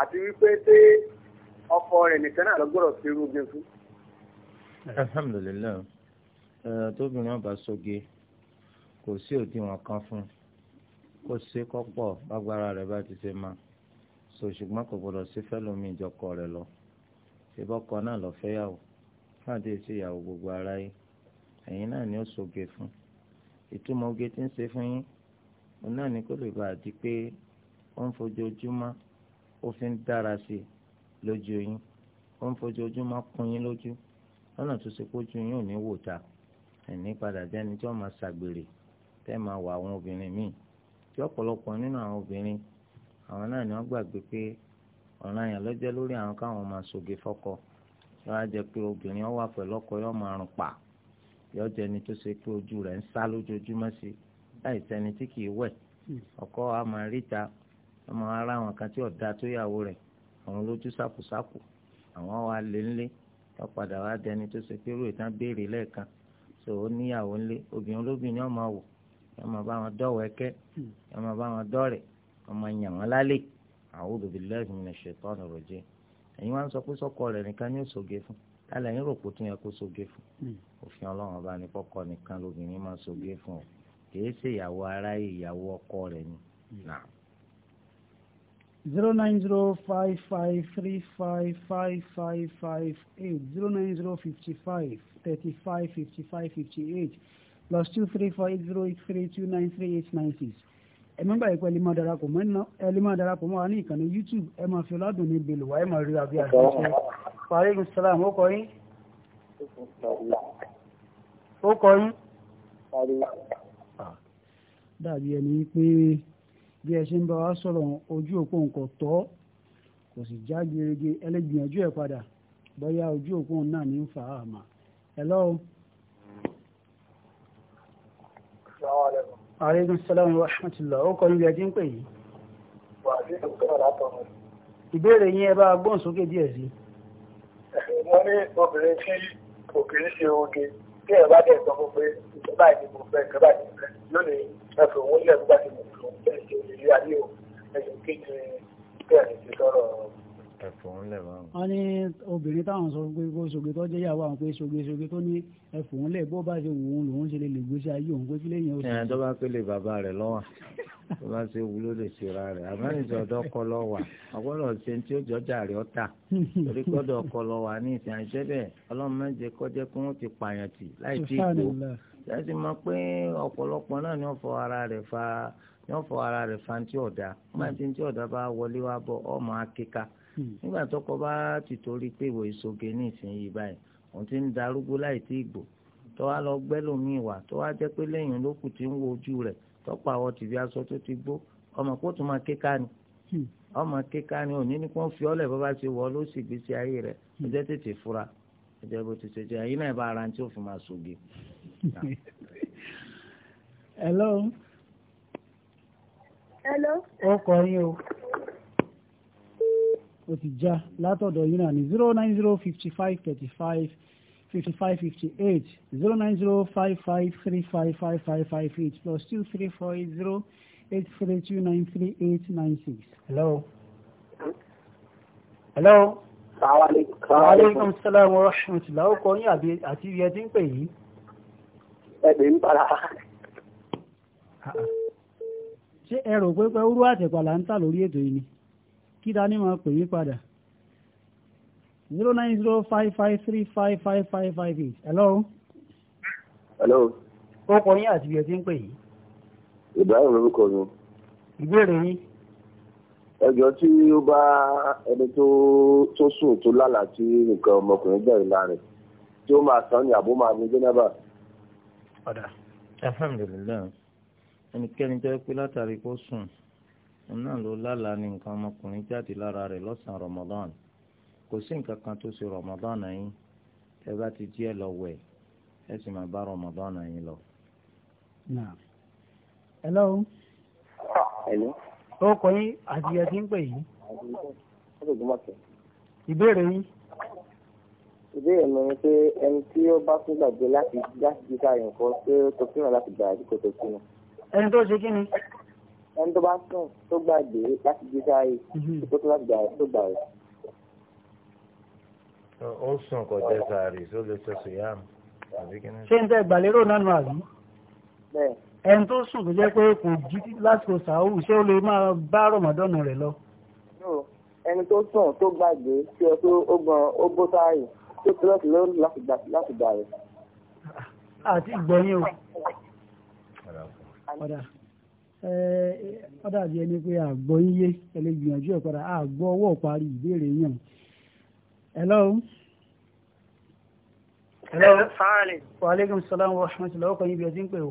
àti wípé pé ọkọ rẹ̀ nìkan náà lọ gbọ́dọ̀ ṣe irú oge fún. alhamdulilayi tóbi náà bá sọge. So kò sí òdiwọ̀n kan fún kó ṣe kọ́pọ̀ bágbára rẹ̀ bá ti ṣe máa so ṣùgbọ́n kò gbọdọ̀ sí fẹ́lómi ìjọkọ rẹ̀ lọ ìbọkọ náà lọ fẹ́yàwó fáde sí ìyàwó gbogbo ara yìí ẹ̀yin náà ni ó soge fún ìtumọ̀ oge tí ń ṣe fún yín òun náà ni kó lè bàa di pé ó ń fojoojúmọ́ ó fi ń dára sí i lójú yín ó ń fojoojúmọ́ kún yín lójú lọ́nà tó ṣe pójú yín ò ní wò ta ẹ̀ní padà jẹ́ni tí wọ́n máa ṣàgbèrè tẹ́ máa wà àwọn obìnrin míì tí ọ̀pọ̀lọpọ̀ nínú àwọn obìnrin àwọn náà ni wọ́n gbàgbé pé ọ̀ràn yẹn lọ́jọ́ lórí àwọn káwọn máa ṣoge fọ́kọ yọ á jẹ pé obìnrin ọwà pẹ̀lú ọkọ yọ máa rùn pa yọ jẹ ẹni tó ṣe pé ojú rẹ̀ ń sá lójoojúmọ́ sí láì sẹni tí wẹ̀ ọkọ máa ríta àwọn kan tí ọ̀dà tó yàwó rẹ̀ àwọn lójú sàkùsàkù àwọn wa lé ńlé padà wá tó ṣe pé tán béèrè lẹ́ẹ̀kan níyàwó ńlé obìnrin olóbìnrin ọmọ wò yóò máa bá wọn dọ́wọ́ ẹkẹ́ yóò hmm. máa bá wọn dọ́rẹ̀ wọ́n máa yàn wọ́n lálẹ́ a'udhu billahi minash shaitanir rajim ẹ̀yin wá ń sọ pé sọ́kọ rẹ̀ nìkan ní òṣòge fún tálẹ̀ yín rò pé tó yẹ kó ṣoge fún hmm. òfin ọlọ́run ọba ní kọ́kọ́ nìkan lóbìnrin máa ṣoge fún ọ kìí ṣe ìyàwó aráyé ìyàwó ọkọ rẹ̀ ni. Hmm. zero nine zero five five three five five five five eight zero nine zero fifty five thirty five fifty five fifty eight plus two three four eight zero eight three two nine three eight nine six ẹ má gbàgbé pé ẹ lè máa darapọ̀ mọ́ ẹ lè máa darapọ̀ wa ní ìkànnì youtube ẹ máa fi ọlọ́dún ní bèlò wa ẹ máa rí abẹ́ àṣìṣe parí salam ó kọ yín. ó kọ yín. dàbí ẹni pé bí ẹ ṣe ń bá wa sọ̀rọ̀ ojú òpó nǹkan tọ́ kò sì já gerege ẹlẹ́gbìyànjú ẹ̀ padà bóyá ojú òpó náà ní ń fà á àmà. hello. Àrígún Sálàmù Rọ́ṣmọ̀tìlá, ó kọ́ níbi ẹjí ń pè yìí. Ìbéèrè yín ẹ bá gbọ́n sókè díẹ̀ sí. Mo ní obìnrin tí kò kì í ṣe oge, tí ẹ bá dẹ̀ sọ fún pé ìjọba ìdí mo fẹ́, ìjọba ìdí mo fẹ́, lónìí ẹ̀fọ́ òun wọ́n ní obìnrin táwọn sọ pé kó soge tó jẹ́ ìyàwó àwọn pé soge soge tó ní ẹ̀fọ́ ńlẹ̀ bó bá ṣe wù ú lòun ṣe lè lè gbé sí ayé òun pé kílẹ̀ yẹn ó sì. ẹ̀ẹ́n tó bá pélé bàbá rẹ̀ lọ́wọ́ tó bá ṣe wúlò lè ṣera rẹ̀ àmọ́nìjọ ọ̀dọ́ kọ lọ́wà ọgbọ́dọ̀ ṣe tí ó jọjà rẹ̀ ọ̀tà torí gbọ́dọ̀ kọ lọ́wà ní ìsìn àìṣẹ́ bẹ́ẹ̀ ọlọ́mọdé kọjá kí wọ́n ti pààyàn tì láì tí ì kó láti mọ̀ pé ọ̀pọ̀lọpọ̀ náà ni wọ́n fọ ara rẹ̀ fa ni wọ́n fọ ara rẹ̀ fa ní tí ọ̀dà máa ti ní tí ọ̀dà bá wọlé wá bọ̀ ọmọ akéka nígbà tọkọ bá ti torí pé ìwò ìsoge ní ìsinyìí báyìí òun ti ń darúgbó láì tí ì gbò tó wá lọ gbẹ́ lómi ìwà tó wá jẹ́ pé lẹ́yìn olókùn ti ń wo ojú rẹ̀ tọ́pọ̀ àwọn tìbí aṣọ tó ti gbó ọmọ kó tó máa kéka ni hmm. ọmọ kéka ni òní ni kò ń fi ọlẹ̀ bàbá ṣe wọ ló sì gbèsè ayé rẹ̀ ọjọ́ hmm. tètè fura ọjọ́ bó ti ṣe jẹ́ ẹ̀yin náà bá ara tí ó fi máa soge. hello. hello. ó kọ yín o ó ti já látọ̀dọ̀ yìí ní zero nine zero fifty five thirty five fifty five fifty eight zero nine zero five five three five five five five eight plus two three four eight zero eight three two nine three eight nine six. hello. hello. Aleykum salaam wa rahmatulah. Ó kọ yín àti ibi ẹtí ń pè yìí. Ẹ̀bẹ̀ ń para. Ṣé ẹ rò pé pé orú àtẹ̀pàlà ń tà lórí ètò yìí ni? kí dání máa pè yí padà zero nine zero five five three five five five five eight hello. hello. ó kọ yín àti bí ẹ ti ń pè yìí. Ibrahim lórúkọ mi. ìbéèrè yín. ẹjọ́ tí ó bá ẹni tó tó sùn tó lálàá tí nǹkan ọmọkùnrin bẹ̀rẹ̀ láàrin tí ó máa sàn ní àbó máa ní jẹ́nẹ́bà. ọ̀dà alhamdulilayi ẹnikẹ́ni tó pé látàrí kó sùn náà ló lálàá ní nǹkan ọmọkùnrin jáde lára rẹ̀ lọ́sàn-án Ramadan kò sí nǹkan kan tó ṣe Ramadan yín ẹ bá ti jí ẹ lọ wẹ̀ ẹ sì máa bá Ramadan yín lọ. hello. hello. ó kọ yín àti ẹ ti ń pè yín. ìbéèrè yín. ìbéèrè mi ni pé ẹni tí ó bá tún gbàgbé láti jáde jíjà nǹkan ṣé ó tó fún ọ láti gbà àdúgbò tó sínú. ẹni tó ṣe kí ni ẹni tó bá sùn tó gbàgbé láti jí sáré mhm. tó tó láti gbà tó gbà rẹ. ó sùn kò jẹ sàárì tó lè ṣe sùyàmù àbí kí ni. ṣé ń tẹ́ ìgbàlérò náà nù àbí. bẹ́ẹ̀. ẹni tó sùn tó jẹ́ pé kò jí lásìkò sàárù ṣé ó lè máa bá rọ̀mọ́dọ́nù rẹ̀ lọ. ẹni tó sùn tó gbàgbé tí ó tó ó gbọ́n ó gbó sáré tó tó láti lọ láti gbà rẹ. àti ìgbọ̀nyìn o. ó dàbí ẹni pé àgbọ̀ yíyé ẹni gbìyànjú ẹ̀ padà àgbọ̀ ọwọ́ parí ìbéèrè yẹn. hello. hello. sáàlì. wa aleykum salaam wa rahmatulah ọkọ yín bí ẹ ti ń pè o.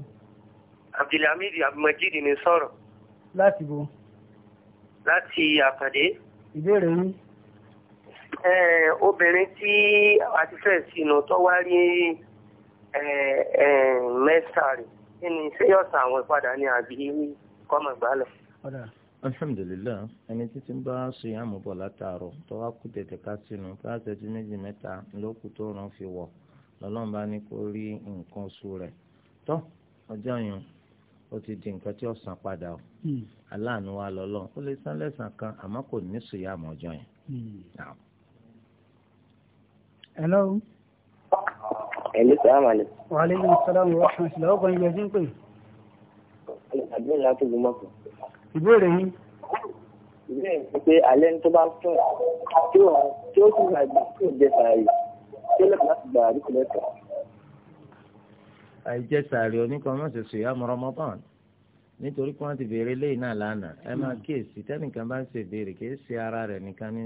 abdulhamid abdulmajid ni sọrọ. láti bo. láti àpàdé. ìbéèrè yín. obìnrin tí a ti fẹ́ sínú tó wá rí mẹ́sàrì. kí ni ṣé yọ̀sán àwọn ìpadà ní àbí kọ́mọ̀ gbálẹ̀. alhamdulilayi ẹni títí ń bá ṣe àmúbọ̀ látàárọ̀ tó wá kú tètè ká sínú káàtẹ́jú méjì mẹ́ta ló kù tó ràn fi wọ̀ lọ́lọ́run bá ní kó rí nǹkan oṣù rẹ̀ tó ọjọ́ yẹn ó ti di nǹkan tí ó san padà o hmm. aláàánú wa lọ́lọ́ ó lè san lẹ́sàn kan àmọ́ kò ní sùúyà mọ́ ọjọ́ yẹn. Hmm. Ẹ̀lú sàlámù alẹ́. Wà á léyìn sàlámù rọ̀ṣùn ìṣẹ̀lẹ̀ ọkọ̀ ilẹ̀ ẹ̀jẹ̀ ń pè. Àdúrà láti gbọ́ mọ́kàn. Ìbéèrè yín. Ìbéèrè mi pé alẹ́ ní tó bá fún tí ó tí ó sì ń gbà tí ó jẹ sàárì tí ó lẹ́kọ̀ọ́ láti gbà àdúgbò lẹ́kọ̀ọ́. Àìjẹ sàárì oníkan mọ̀ ṣẹ̀ṣẹ̀ yá mọ́ Ramadan nítorí pé wọ́n ti béèrè lẹ́yìn náà lánàá ẹ máa hmm. kíyèsí tẹ́nìkan bá ń ṣe béèrè kì ṣe ara rẹ̀ nìkan ní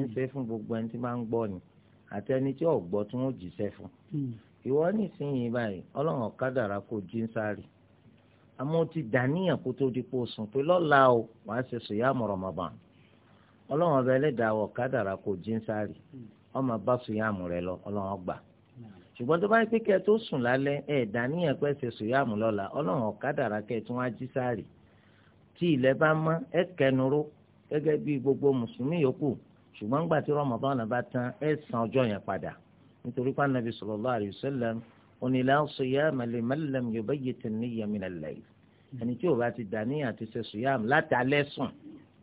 í ṣe fún gbogbo ẹni tí máa ń gbọ́ ni. àti ẹni tí ọ̀gbọ́ tí wọ́n jíṣẹ́ fún hmm. ìwọ nísìnyí báyìí kò sáré ti dàníyàn kó tó di o sùn pé lọ́la o wàá ṣe sùyàmù Ramadan ọlọ́run ọba ẹlẹ́dàá ọ̀kadàrà kò jí ń sáré ọmọ hmm. bá rẹ lọ ọlọ́run gbà hmm. ṣùgbọ́n tó bá yẹ ẹ tó sùn lálẹ́ ẹ dàníyàn pé ṣe sùyàmù lọ́la ẹ jí gbogbo mùsùlùmí yòókù ṣùgbọ́n gbà tí rọmọdán bá tán ẹ san ọjọ́ yẹn padà nítorí pé anabi sallallahu alayhi wa sallam ó ní la siyama liman lam yubayyit an-niyya min al-layl ẹni tí ó bá ti dàníyàn àti ṣe siyam láti alẹ́ sùn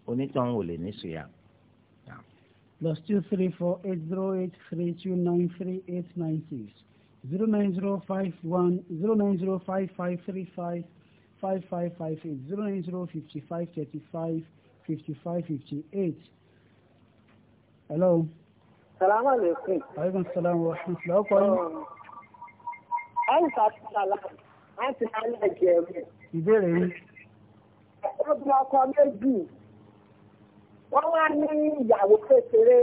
onítàn ò lè ní siyam. plus two three four eight zero eight three two nine three eight nine six zero nine zero five one zero nine zero five five three five five five five eight zero nine zero fifty five thirty five fifty five fifty eight hello. salamu aleykum. aleykum salaam wa rahmatulah ọkọ yín. àìsà ti sàlá láti alẹ́ ìjẹ̀rù. ìbéèrè yín. ọdún ọkọ méjì wọ́n wá ní ìyàwó kékeré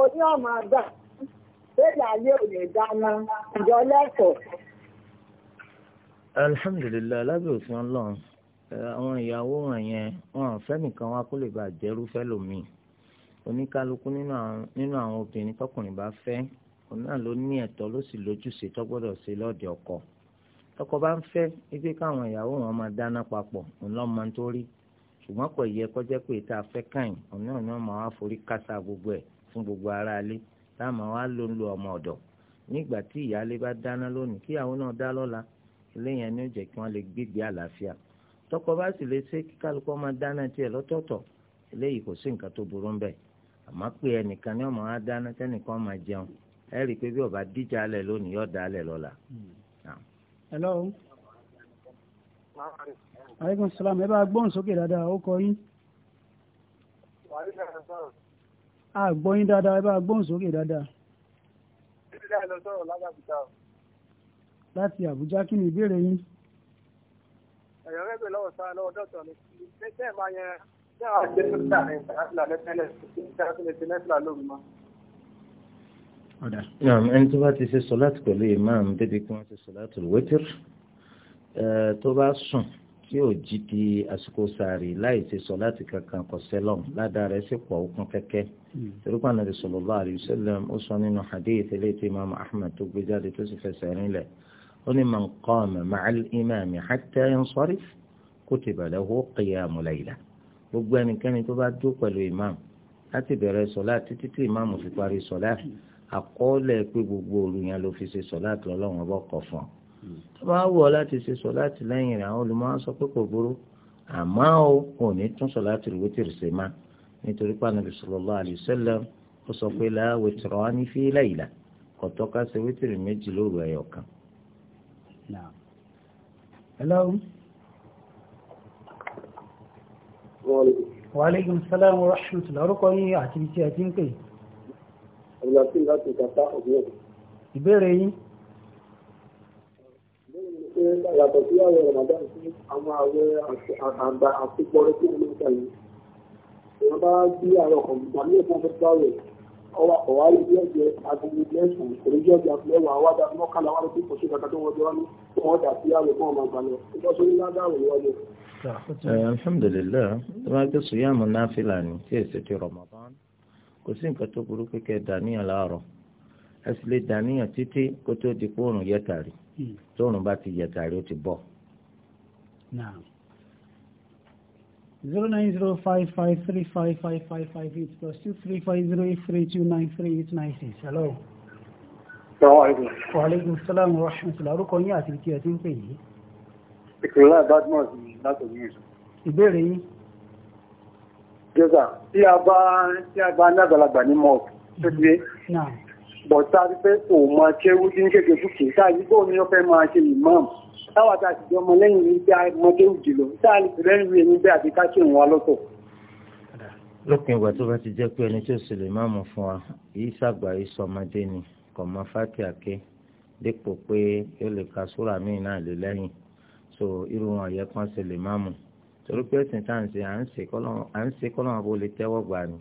oní ọmọ àgbà lórí ayé òní dáná ìjọ lẹ́kọ̀ọ́. alhamdulilayi alábẹ́ òfin ọlọ́run àwọn ìyàwó wọ̀nyẹn wọn fẹ́ nìkan wá kó lè bàa jẹ́rú fẹ́ oníkálukú nínú àwọn obìnrin tọkùnrin bá fẹ́ òun náà ló ní ẹ̀tọ́ ló sì lójúṣe tó gbọ́dọ̀ ṣe lọ́ọ̀dẹ ọkọ tọkọ bá ń fẹ́ wípé káwọn ìyàwó wọn máa dáná papọ̀ òun lọ́ọ́ máa ń torí ṣùgbọ́n kò yẹ kó jẹ́ pé tá a fẹ́ káyìn òun náà ni wọ́n máa wá forí kásá gbogbo ẹ̀ fún gbogbo ara ilé tá a máa wá ló ń lo ọmọ ọ̀dọ̀ nígbà tí ìyáálé bá dáná lónìí kíyàwó náà dá lọ́la eléyàn ni ó jẹ́ kí wọ́n lè gbégbé àlàáfíà tọkọ bá sì lè ṣe kí kálukọ́ máa dáná tiẹ̀ lọ́tọ̀ọ̀tọ̀ eléyìí kò sí nǹkan tó burú ń àmọ́ pé ẹnìkan ni ọmọ wa dáná sẹ́nìkan máa jẹun ẹ rí i pé bí ọba díjà alẹ̀ lónìí yóò dá alẹ̀ lọ́la. hello. aleykum salaam ẹ bá gbóhùn sókè dáadáa ó kọ yín. a gbọ́ yín dáadáa ẹ bá gbóhùn sókè dáadáa. láti àbújá kí ni ìbéèrè yín. ẹ̀yọ́ rẹ̀ bẹ̀ lọ́wọ́ sáà lọ́wọ́ dọ́tọ̀ ni ṣé ṣé ẹ̀ máa yẹn. نعم عندما في صلاة قول إمام بدي كما تسي صلاة الوتر آه، توبا سن كي او أسكو ساري لا يسي صلاة كاكان قسلون لا دار يسي قوة وكن كاكا ربنا صلى الله عليه وسلم أصنين حديث ليت إمام أحمد تبجاد تسفى سارين له هني من قام مع الإمام حتى ينصرف كتب له قيام ليلة gbogbo ẹnikẹ́ni tó bá dó pẹ̀lú imam láti bẹ̀rẹ̀ sọ̀lá títí tí imam fi parí sọ̀lá àkọọ́lẹ̀ pé gbogbo òru yẹn ló fi ṣe sọ̀lá tó ọlọ́run ọba kọ̀ fún ọ. tó bá wọ̀ láti ṣe sọ̀lá tì lẹ́yìn rẹ̀ àwọn olùmọ̀ sọ pé kò burú àmọ́ o kò ní tún sọ̀lá tì lù wítìrì ṣe má nítorí pàànàbì sallallahu alaihi ó sọ pé la witrani fi wàhálẹ́gùn sálámù rọ́ṣùtù lórúkọ yín àti iṣẹ́ ẹ̀ tí ń pè. ọ̀làsí láti kàtà òbíọ̀. ìbéèrè yín. ìbéèrè mi pé yàtọ̀ sí àwẹ̀ ramadan sí àwọn àwẹ̀ àgbà àtìpọ̀rẹ́ tí wọ́n ń tẹ̀lé. èèyàn bá bí àrọ̀ kan gbà ní ìfún fún báwẹ̀ ọwọ́ ọ̀wárí bí ẹ̀jẹ̀ agbègbè mẹ́sàn-án oríṣi ọjà mẹ́wàá wá dá mọ́kànlá wá lọ sí kòṣe kàkà tó wọ́n jọ wá ní wọ́n dà sí àwẹ̀ fún ọmọ àgbà lọ. ìjọ́sọ ní ládàá òwúrọ̀ Eh, alhamdulilayi tó bá gbé sùyàmù náfìlà ní tí èsì ti Ramadan kò sí nǹkan tó burú pé kẹ dàníyàn láàárọ̀ ẹ sì lè dàníyàn títí kó tó di pé òòrùn tóòrùn hmm. bá ti yẹ ó ti bọ̀. zero nine zero five five three five five five five eight plus two three five zero eight three two nine three eight nine six hello. Wa aleykum salaam wa rahmatulah. Orúkọ yín àti ìkí ti ń pè yìí ìpínlẹ̀ badmus ní látòrí ìṣù. ìbéèrè yìí. jésà tí a bá tí a bá ní àgbàlagbà ní mọ́ọ̀k tó dé mm-hmm. bọ̀tá pé kò mọ kéwú tí ń kéde búkì táyé bó ni ó fẹ́ máa ṣe imam táwa ta sì jọmọ lẹ́yìn ní bí a mọ kéwú jùlọ táà lè fẹ́ rí ẹni bẹ́ẹ̀ àti ká lópin ìgbà tó bá ti jẹ́ pé ẹni tó sì lè má fún wa yìí ṣàgbà yìí sọmọdé ni kò mọ fátì dípò pé yóò lè ka súrà míì náà lè lẹ́yìn so irú wọn kan kán ṣe lè má mú torí pé ẹ̀sìn tá à ń ṣe à ń ṣe kọ́lọ́mọ bó lè tẹ́wọ́ gbà ní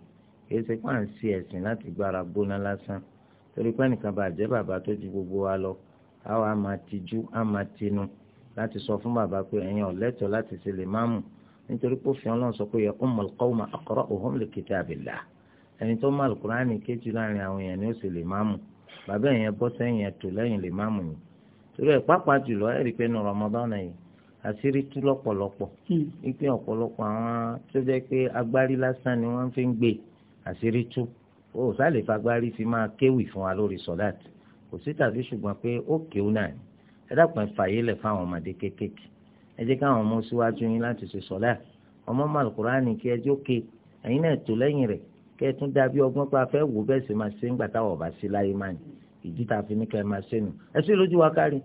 kìí ṣe pé à ń ṣe ẹ̀sìn láti gbára gbóná lásán torí pé ẹnìkan bàbá tó ju gbogbo wa lọ àwa máa tijú á máa tinú láti sọ fún bàbá pé ẹ̀yin ọ̀lẹ́tọ̀ láti ṣe lè má mú nítorí pé òfin ọlọ́run sọ pé ẹni tó kéjì láàrin àwọn èèyàn ni ó sì lè má mú bàbá ẹ̀yẹn bọ́ sẹ́yìn ẹ̀tọ́ lẹ́yìn lè má torí ẹ̀ pápá jùlọ pé nù àṣírí tú lọ́pọ̀lọpọ̀ wípé hmm. ọ̀pọ̀lọpọ̀ àwọn tó jẹ́ pé agbárí lásán ni wọ́n fi ń gbé àṣírí tú ó sálè fagbárí fi máa kéwì fún wa lórí sọ̀dáàtì kò sí tàbí ṣùgbọ́n pé ó kéwù náà ni ẹ dápẹ́ fàyè lẹ̀ fáwọn ọmọdé kéékèèké ẹ jẹ́ káwọn ọmọ síwájú yín láti ṣe sọ̀lá ọmọ màlùkùránì kí ẹjọ́ ke ẹ̀yin náà tó lẹ́yìn rẹ̀ kẹ́ ẹ tún dàbí ọgbọ́n pa fẹ́ wò bẹ́ẹ̀ sì máa ṣe ń gbà ọ̀bà sí láyé máa ní ìdí tá ní kẹ́ ẹ máa ṣe nù ẹ sì lójú wa kárí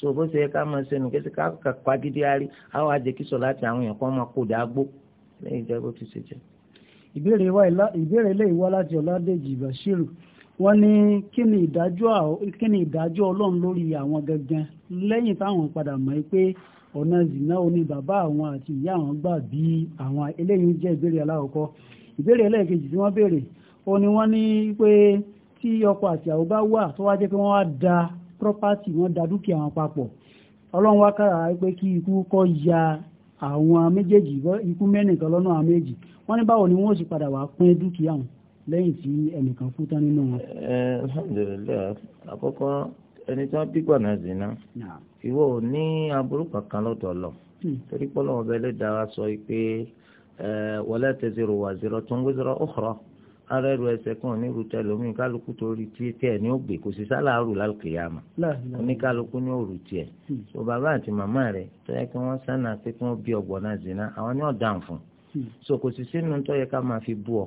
so bó ṣe yẹ ká máa ṣe nù kẹsì ká pàgídí arí àwọn àjẹkísọ láti àwọn èèyàn kan máa kó dà gbó lẹ́yìn ìjẹ bó ti ṣe jẹ. ìbéèrè ilé ìwá láti ọ̀làdèjì bashiru wọ́n ní kí ni ìdájọ́ ọlọ́run lórí àwọn gangan lẹ́yìn táwọn padà mọ̀ pé ọ̀nà zina oní bàbá àwọn àti ìyá àwọn gbà bí àwọn eléyìí jẹ́ ìbéèrè aláwọ̀kọ́ ìbéèrè ẹlẹ́ẹ̀kejì tí wọ́n béèrè ó ní wọ́n ní pé tí ọkọ àti ìyàwó bá wà tó wá jẹ́ pé wọ́n wá da property wọn da dúkìá wọn papọ̀ ọlọ́run wá kára pé kí ikú kọ́ ya àwọn méjèèjì ikú mẹ́nìkan lọ́nà àwọn méjì wọ́n ní báwo ni wọ́n sì padà wá pín dúkìá wọn lẹ́yìn tí ẹnìkan kú tán nínú wọn. ẹ alhamdulilayi àkọ́kọ́ ẹni tí wọ́n bí gbọ̀nà zina ìwọ ò ní aburú kankan lọ́dọ̀ lọ hmm. torí pọ́lọ́wọ́n bẹ́ẹ̀ lè dára sọ pé wala taziru waziratu wizra ukhra ara ẹrù ẹsẹ̀ kan onírú tẹlómi kálukú torí tiẹ̀ ní ògbè kò sí sálàárù lálùkè yá ma oníkálukú ní òrù tiẹ̀ hmm. so bàbá àti màmá rẹ̀ tó yẹ kí wọ́n sànà pé kí wọ́n bí ọgbọ̀n zina àwọn ní ọ̀daràn fún hmm. so kò sí sínú tó yẹ ká máa fi bú ọ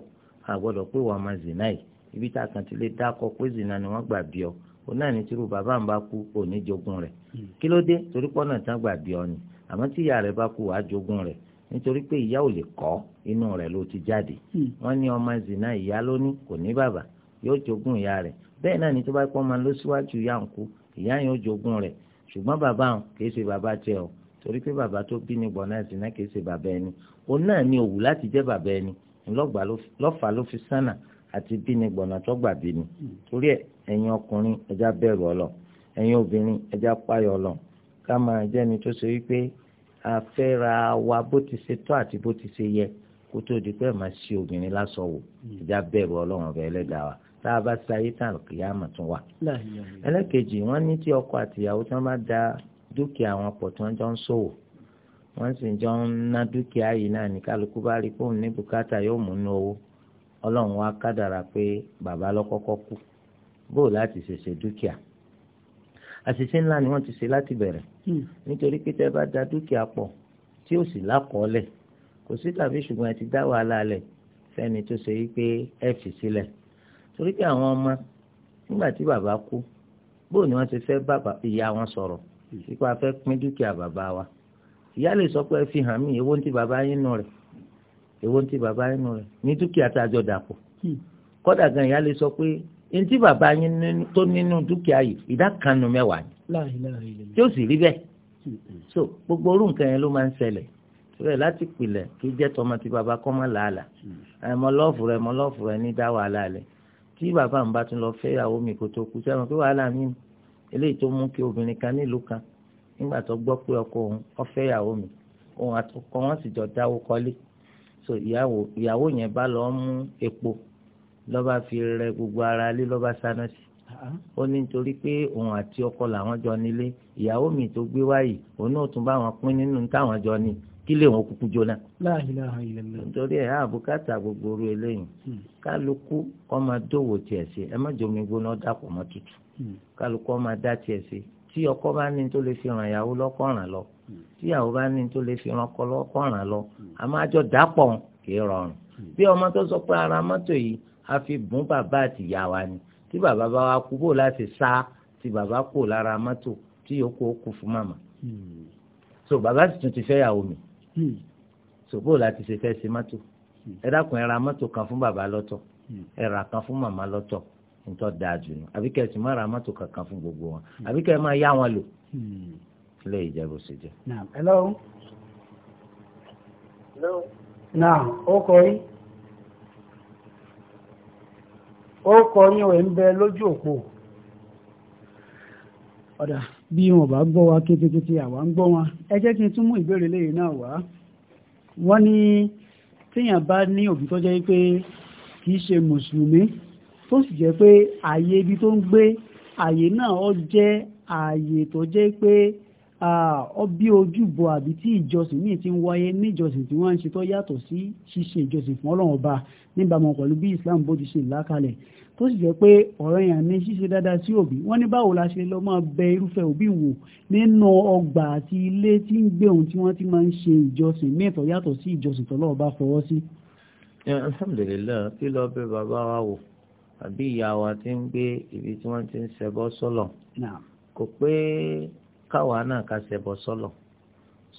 àgbọ́dọ̀ pé wàá máa zina yìí ibi tá a kàn ti lè dákọ pé zina ni wọ́n gbà bí ọ o náà ní tìrú bàbá ń bá kú òní jogún rẹ̀ hmm. kí ló dé torí pọ́nà tán gbà bí ọ ni àmọ́ tíyà rẹ̀ bá kú wàá jogún rẹ̀ nítorí pé ìyá ò lè kọ́ inú rẹ̀ ló ti jáde hmm. wọ́n ní ọmọ zina ìyá ló kò ní bàbá yóò jogún ìyá rẹ̀ bẹ́ẹ̀ náà ni tó bá pọ́n máa lọ síwájú ìyá ń kú ìyá yẹn ó jogún rẹ̀ ṣùgbọ́n bàbá àwọn kì í ṣe bàbá tiẹ̀ o torí pé bàbá tó bí ní gbọ̀nà zina kì í ṣe bàbá ẹni òun náà ni òwú láti jẹ́ bàbá ẹni lọ́fà ló fi sánà àti bí ní gbọ̀nà tó gbà bí ni hmm. torí ẹ ẹ̀yin ọkùnrin ẹja bẹ̀rù ọlọ ẹ̀yin obìnrin ẹja páyọ ọlọ ká máa jẹ́ni tó ṣe wípé afẹ́ra wa bó ti ṣe tọ́ àti bó ti ṣe yẹ kó tó di pé màá ṣe obìnrin lásán wò hmm. ìjà bẹ̀rù ọlọ́run ọ̀bẹ ẹlẹ́dàá wa tá a bá ṣe ayé tàn kìyàmù tún wà. ẹlẹ́kejì wọ́n ní tí ọkọ àtìyàwó tí wọ́n bá da dúkìá wọn pọ̀ tí wọ́n jọ ń ṣòwò wọ́n sì jọ ń ná dúkìá yìí náà ní kálukú bá rí pé ní bùkátà yóò mú ní owó ọlọ́run wa kádàrà pé bàbá lọ́kọ́kọ́ kú bóò láti ṣèṣe dúkìá àṣìṣe ńlá ni wọ́n ti ṣe láti bẹ̀rẹ̀ hmm. nítorí pé tẹ́ bá da dúkìá pọ̀ tí ò sì lákọọ́lẹ̀ kò sí tàbí ṣùgbọ́n ẹ ti dá wàhálà lẹ̀ fẹ́ni tó ṣe wípé ẹ fi sílẹ̀ torí pé àwọn ọmọ nígbà tí bàbá kú bóun ni wọ́n ti fẹ́ bá ìyá wọn sọ̀rọ̀ ipò hmm. afẹ́ pín dúkìá bàbá wa ìyá lè sọ pé ẹ fi hàn mí èwo ń ti bàbá yín nù rẹ̀ èwo ti bàbá yín nù ní dúkìá tá a jọ dàpọ̀ hmm. kódà gan ìyá lè sọ pé ntí bàbá yín tó nínú dúkìá yìí ìdá kan nínú mẹ́wàá ni tí ó sì rí bẹ́ẹ̀ so gbogbo orú nǹkan yẹn ló máa ń ṣẹlẹ̀ rẹ̀ láti pìlẹ̀ kí jẹ́ tọmọ tí bàbá kọ́ mọ́ làálà mm. ẹ̀mọ́ lọ́ọ̀fù rẹ̀ ẹ̀mọ́ lọ́ọ̀fù rẹ̀ ní dá wàhálà rẹ̀ tí bàbá ń bá tún lọ fẹ́ ìyàwó mi kó tó kú sẹ́wọ̀n pé wàhálà mi ni eléyìí tó mú kí obìnrin kan nílùú kan nígbà tó gbọ́ pé ọkọ òun ó fẹ́ ìyàwó mi òun àtọkọ wọn sì jọ dáwó kọ́lé so ìyàwó yẹn bá lọ mú epo lọ́ba fi rẹ gbogbo ara lé lọ́ba sáná sí uh-huh. ó ní nítorí pé òun àti ọkọ làwọn jọ nílé ìyàwó mi tó gbé wáyìí òun náà tún bá wọn pín nínú táwọn jọ ní kí lè wọn kúkú jóná. nítorí ẹ̀ àbúkátà gbogbo orí eléyìí hmm. kálukú kó máa dòwò tiẹ̀ sí ẹ má jomi gbóná dàpọ̀ mọ́ tutù hmm. kálukú kó máa dá tiẹ̀ sí tí ọkọ bá ní tó lè fi ràn ìyàwó lọ́kọ ràn lọ hmm. tí ìyàwó bá ní tó lè fi ràn ọkọ lọ́kọ ràn lọ àmọ́ àjọ dàpọ̀ kì í rọrùn bí ọmọ tó sọ pé ara mọ́tò yìí a fi bùn bàbá àti ìyá wa ni tí bàbá bá wa kú bó láti sá tí bàbá kò lára mọ́tò tí yòókù ó kú fún màmá hmm. so bàbá sì tún ti fẹ́ yàwó mi hmm. so bó láti ṣe fẹ́ ṣe mọ́tò hmm. ẹ dákun ẹ ra mọ́tò kan fún bàbá lọ́tọ̀ ẹ ra kan fún màmá lọ́tọ̀ ntọ́ da jù nù àbí kẹ́ ẹ sì má ra mọ́tò kankan fún gbogbo wọn àbí kẹ́ ẹ máa yá wọn lò lè jẹ́ bó ṣe jẹ́. naam ó kọ orúkọ yín ò ń bẹ lójú òpó ọ̀dà bí wọn bá gbọ́ wa kétékété àwa ń gbọ́ wọn ẹ jẹ́ kí n tún mú ìbéèrè lẹ́yìn náà wá wọ́n ní téèyàn bá ní òbí tó jẹ́ pé kì í ṣe mùsùlùmí tó sì jẹ́ pé ààyè ibi tó ń gbé ààyè náà ó jẹ́ ààyè tó jẹ́ pé ọbí ojúbọ àbí tí ìjọsìn míì ti ń wáyé níjọsìn tí wọ́n ń ṣe tó yàtọ̀ sí ṣíṣe ìjọsìn fún ọlọ́run ọba níbàámu pẹ̀lú bí islam bó ti ṣe làákàlẹ̀ tó sì jẹ́ pé ọ̀rọ̀ yẹn ní ṣíṣe dáadáa sí òbí wọ́n ní báwo la ṣe lọ máa bẹ irúfẹ́ òbí wò nínú ọgbà àti ilé tí ń gbé ohun tí wọ́n ti máa ń ṣe ìjọsìn míì tó yàtọ̀ sí ìjọsìn tọ́lọ́run ọba fọwọ́ sí. alhamdulilayi kí lọ bẹ káwa náà ká ṣẹbọ sọ́lọ̀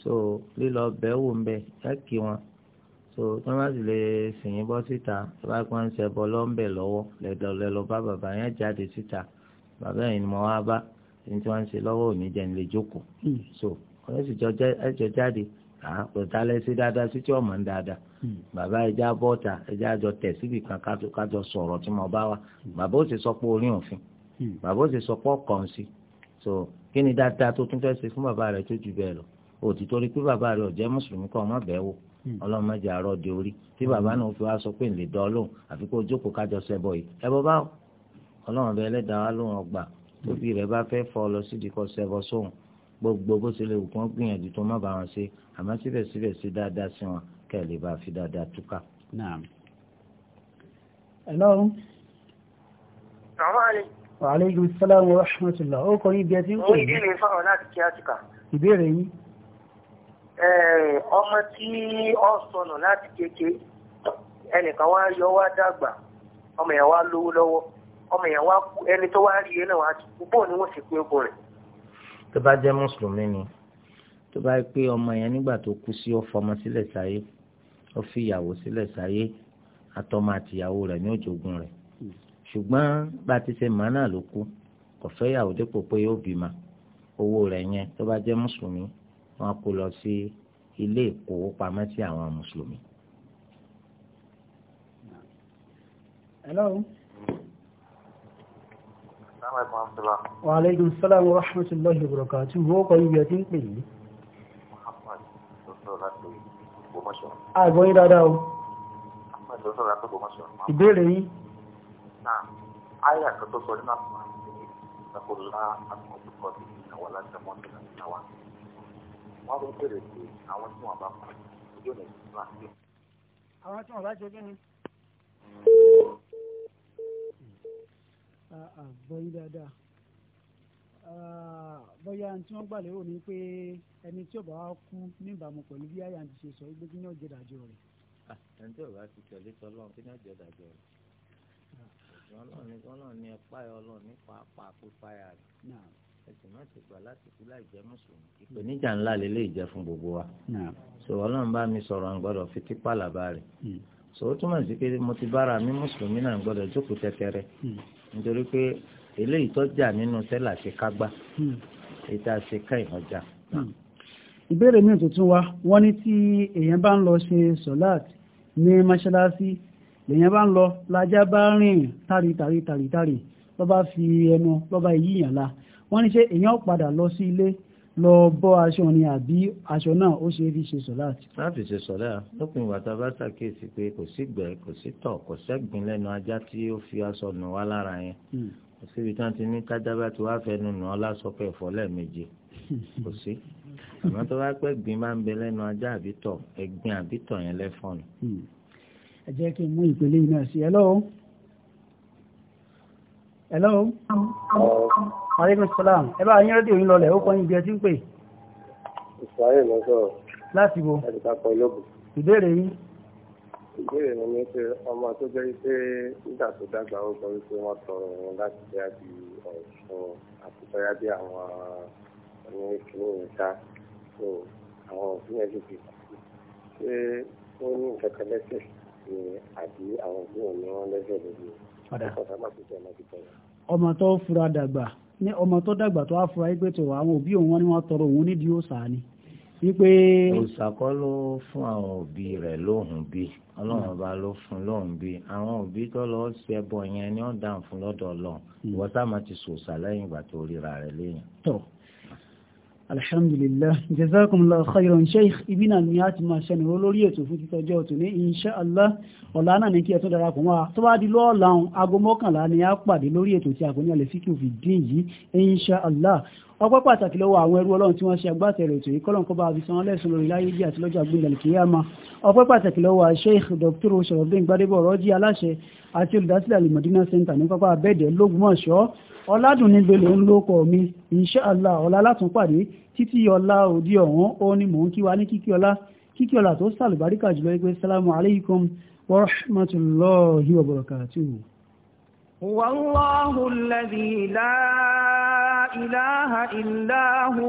so lílọ bẹ́ẹ̀ wò ń bẹ ẹ wọn so tí wọ́n bá sì lè sìn bọ́ síta tí wọ́n bá ń ṣẹbọ lọ́nbẹ̀ lọ́wọ́ lẹ́dọ̀ọ́lẹ́ lọ bá bàbá yẹn jáde síta bàbá yẹn ni mo wá bá ẹni tí wọ́n ń ṣe lọ́wọ́ òní jẹ́ ní lè jókòó hmm. so wọ́n sì jọ jáde àpòtálẹ́ sí dáadáa sí tí ọmọ ń dáadáa hmm. bàbá ẹja bọ́ta ẹja jọ tẹ̀ síbi kan kájọ sọ̀rọ̀ tí mo bá wa hmm. bàbá ó sì sọ pé orí òfin bàbá ó sì sọ pé ọkàn sí so kí ni dáadáa tó tún fẹ́ ṣe fún bàbá rẹ̀ tó ju bẹ́ẹ̀ lọ òtí torí pé bàbá rẹ̀ ọ̀jẹ́ mùsùlùmí kan ọmọ bẹ́ẹ̀ wò hmm. ọlọ́mọdé àárọ̀ di orí tí bàbá hmm. náà fi wá sọ pé ń lè dán lóhùn àfi kó jókòó kájọ ṣẹbọ yìí ẹbọ báwo ọlọ́run bẹ ẹlẹ́dàá wa lóhùn ọgbà tóbi rẹ̀ bá fẹ́ fọ́ ọ lọ sídìí kọ́ ṣẹbọ sóhùn gbogbo bó ṣe lè wù kán gbìyànjú tó má bàa wọn ṣe àmọ́ síbẹ̀síbẹ̀ ṣe dáadáa sí wọn kẹ́ ẹ̀ lè bá a fi dáadáa túkà. Naam. Hello. Aleykum salaam wa rahmatullah. Ó kọ yín bí ẹ ti ń pè é. Ó ìbéèrè sọ̀rọ̀ Ọmọ tí ọ sọnù láti kéke, ẹnìkan wá yọ wá dàgbà, ọmọ yẹn wá lówó lọ́wọ́, ọmọ yẹn wá kú, ẹni tó wá rí ẹnà ni wọ́n sì pé ogun rẹ̀. Tó bá jẹ́ Mùsùlùmí ni, tó bá yẹ ọmọ yẹn nígbà tó kú sí sáyé, ó fi sílẹ̀ sáyé, àtọmọ àtìyàwó rẹ̀ ní ṣùgbọ́n bá a ti ṣe màá náà ló kú kò fẹ́ yàwó dípò pé yóò bímọ owó rẹ̀ yẹn tó bá jẹ́ mùsùlùmí wọn kó lọ sí ilé ìkówópamọ́ sí àwọn mùsùlùmí. hello. wa aleykum salaam wa rahmatulahi wa barakatuh wọ́n kọ́ ibi ẹtí ń pè yìí. àgbọ̀nyin dáadáa o. ìbéèrè yìí àyà kan tó sọ nínú àpò àti ìṣàkóso àpò ìkọ́ ti ìyàwó aláṣẹ mọ́tò náà wà. wọ́n ló bèrè pé àwọn tí wọ́n bá pa ojú ọ̀nà ìṣúná àti. àwọn tí wọ́n bóyá tí wọ́n gbà ni pé ẹni tí ó bá kú níbàámu pẹ̀lú bí àyà ti ṣe sọ gbé kí ni ó jẹ́ ìdájọ́ ẹni tí ó ti tẹ̀lé tọ́lọ́run kí ni ó jẹ́ ìdájọ́ ọlọ́run ní ọlọ́run ní ẹ̀pá ẹ̀ ọlọ́run ní pàápàá pípáyà rẹ̀ ẹ̀sìn ti gbà láti kú láì jẹ́ mùsùlùmí. ìpèníjà ńlá lélẹ́ fún gbogbo wa so ọlọ́run bá mi sọ̀rọ̀ à fi tipa làbá rẹ̀ hmm. so ó túmọ̀ sí pé mo ti bára mi mùsùlùmí náà gbọ́dọ̀ jókòó tẹ́tẹ́rẹ́ hmm. nítorí pé eléyìí tọ́jà nínú sẹ́là ṣe kágbá hmm. lèyàn bá ń lọ lajá bá rìn tari tari tari tari ló fi ẹnu ló yíyàn la wọ́n ní ṣé èèyàn padà lọ sí ilé lọ bọ́ aṣọ ni àbí aṣọ náà ó ṣe é fi ṣe sọ̀láàtì. láti ṣe sọ̀láàtì lópin ìgbà tá a bá ṣàkíyèsí pé kò sí gbẹ kò sí tọ̀ kò sẹ́gbin lẹ́nu ajá tí ó fi aṣọ nù wá lára yẹn hmm. kò síbi tí wọ́n ti ní tájá bá ti fẹnu nù ọ́ lásọ pé ẹ̀fọ́ lẹ́ẹ̀mejì kò sí àmọ́ tó bá pẹ́ gbin máa ń bẹ lẹ́nu ajá àbítọ̀ ẹ̀gbin àbítọ̀ yẹn lẹ́fọ̀nù ẹ jẹ́ kí n mú ìpele iná sí ẹ lọ́wọ́. hello. aleykum salaam ẹ bá yín rédíò yín lọlẹ̀ ó kọ́ yín bí ẹ ti ń pè. ìsàlẹ̀ lọ sọ̀rọ̀. láti bo. láti kápọ̀ ìlọ́gùn. ìbéèrè yín. ìbéèrè mi ni pé ọmọ tó jẹ́ pé nígbà tó dàgbà ó sọ wípé wọ́n tọrọ òun láti bẹ́ẹ̀ bí ọ̀ṣun àti bẹ́ẹ̀ bí àwọn ọ̀nà ìkíní ìta àwọn òfin ẹ̀ ṣe fi ṣe ó ní nǹkan lẹ́sẹ̀ àbí àwọn òbí òní wọn lẹ́sẹ̀ lórí ọmọ tó fura dàgbà ní ọmọ tó dàgbà tó á fura yí pé tó àwọn òbí òun wọn ni wọn tọrọ òun nídìí òòsà ni wípé. òòsàkọ́ ló fún àwọn òbí rẹ̀ lóhùn bí ọlọ́run ọba ló fún lóhùn bí àwọn òbí tó lọ ṣe ẹbọ yẹn ni wọ́n dáhùn fún lọ́dọ̀ ọlọ́run hmm. ìwọ́sàmọ́ ti sòòsà lẹ́yìn ìgbà tó ríra rẹ̀ léyìn alhamdulillah jazakumullahu khairan sheikh ibi náà ni a ti máa ṣẹnu lórí ètò fún títọjọ́ òtún ní inshallah ọ̀la náà ní kí ẹ tún darapọ̀ mọ́ wa tó bá di lọ́ọ̀la ọ̀hún aago mọ́kànlá ni a pàdé lórí ètò tí a kò ní alẹ́ fíkì òfin dín yìí inshallah ọpẹ́ pàtàkì lọ́wọ́ àwọn ẹrú ọlọ́run tí wọ́n ṣe agbátẹrù ètò yìí kọ́lọ́n kọ́ bá fi san ọlẹ́sùn lórí láyé bí àti lọ́jọ́ àgbéyàn kìíyàmá ọpẹ́ pàtàkì lọ́wọ́ sheikh dr sọ̀rọ̀bìn gbadebo ọ̀rọ̀jì aláṣẹ àti olùdásílẹ̀ alimọ̀dínà center ní pápá abẹ́ẹ̀dẹ̀ lógúnmọ̀ṣọ́ ọ̀làdùnnígbèlè ń lókọ̀ mi inshallah ọ̀la látúnpàdé títí ọ̀la òdi ọ̀hún ó ní mò ń kí wa ní kíkí ọ̀la kíkí ọ̀la tó sàlùbáríkà jùlọ ẹgbẹ́ sálámù aleykum wa rahmatulahi wa barakatuhu. wallahu alladhi la ilaha illa hu.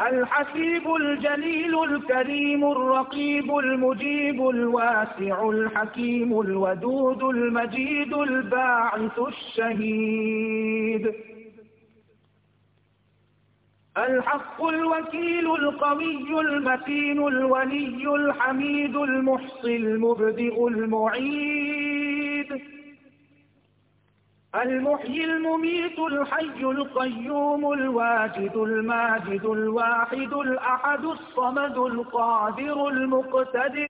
الحسيب الجليل الكريم الرقيب المجيب الواسع الحكيم الودود المجيد الباعث الشهيد الحق الوكيل القوي المتين الولي الحميد المحصي المبدئ المعيد المحيي المميت الحي القيوم الواجد الماجد الواحد الأحد الصمد القادر المقتدر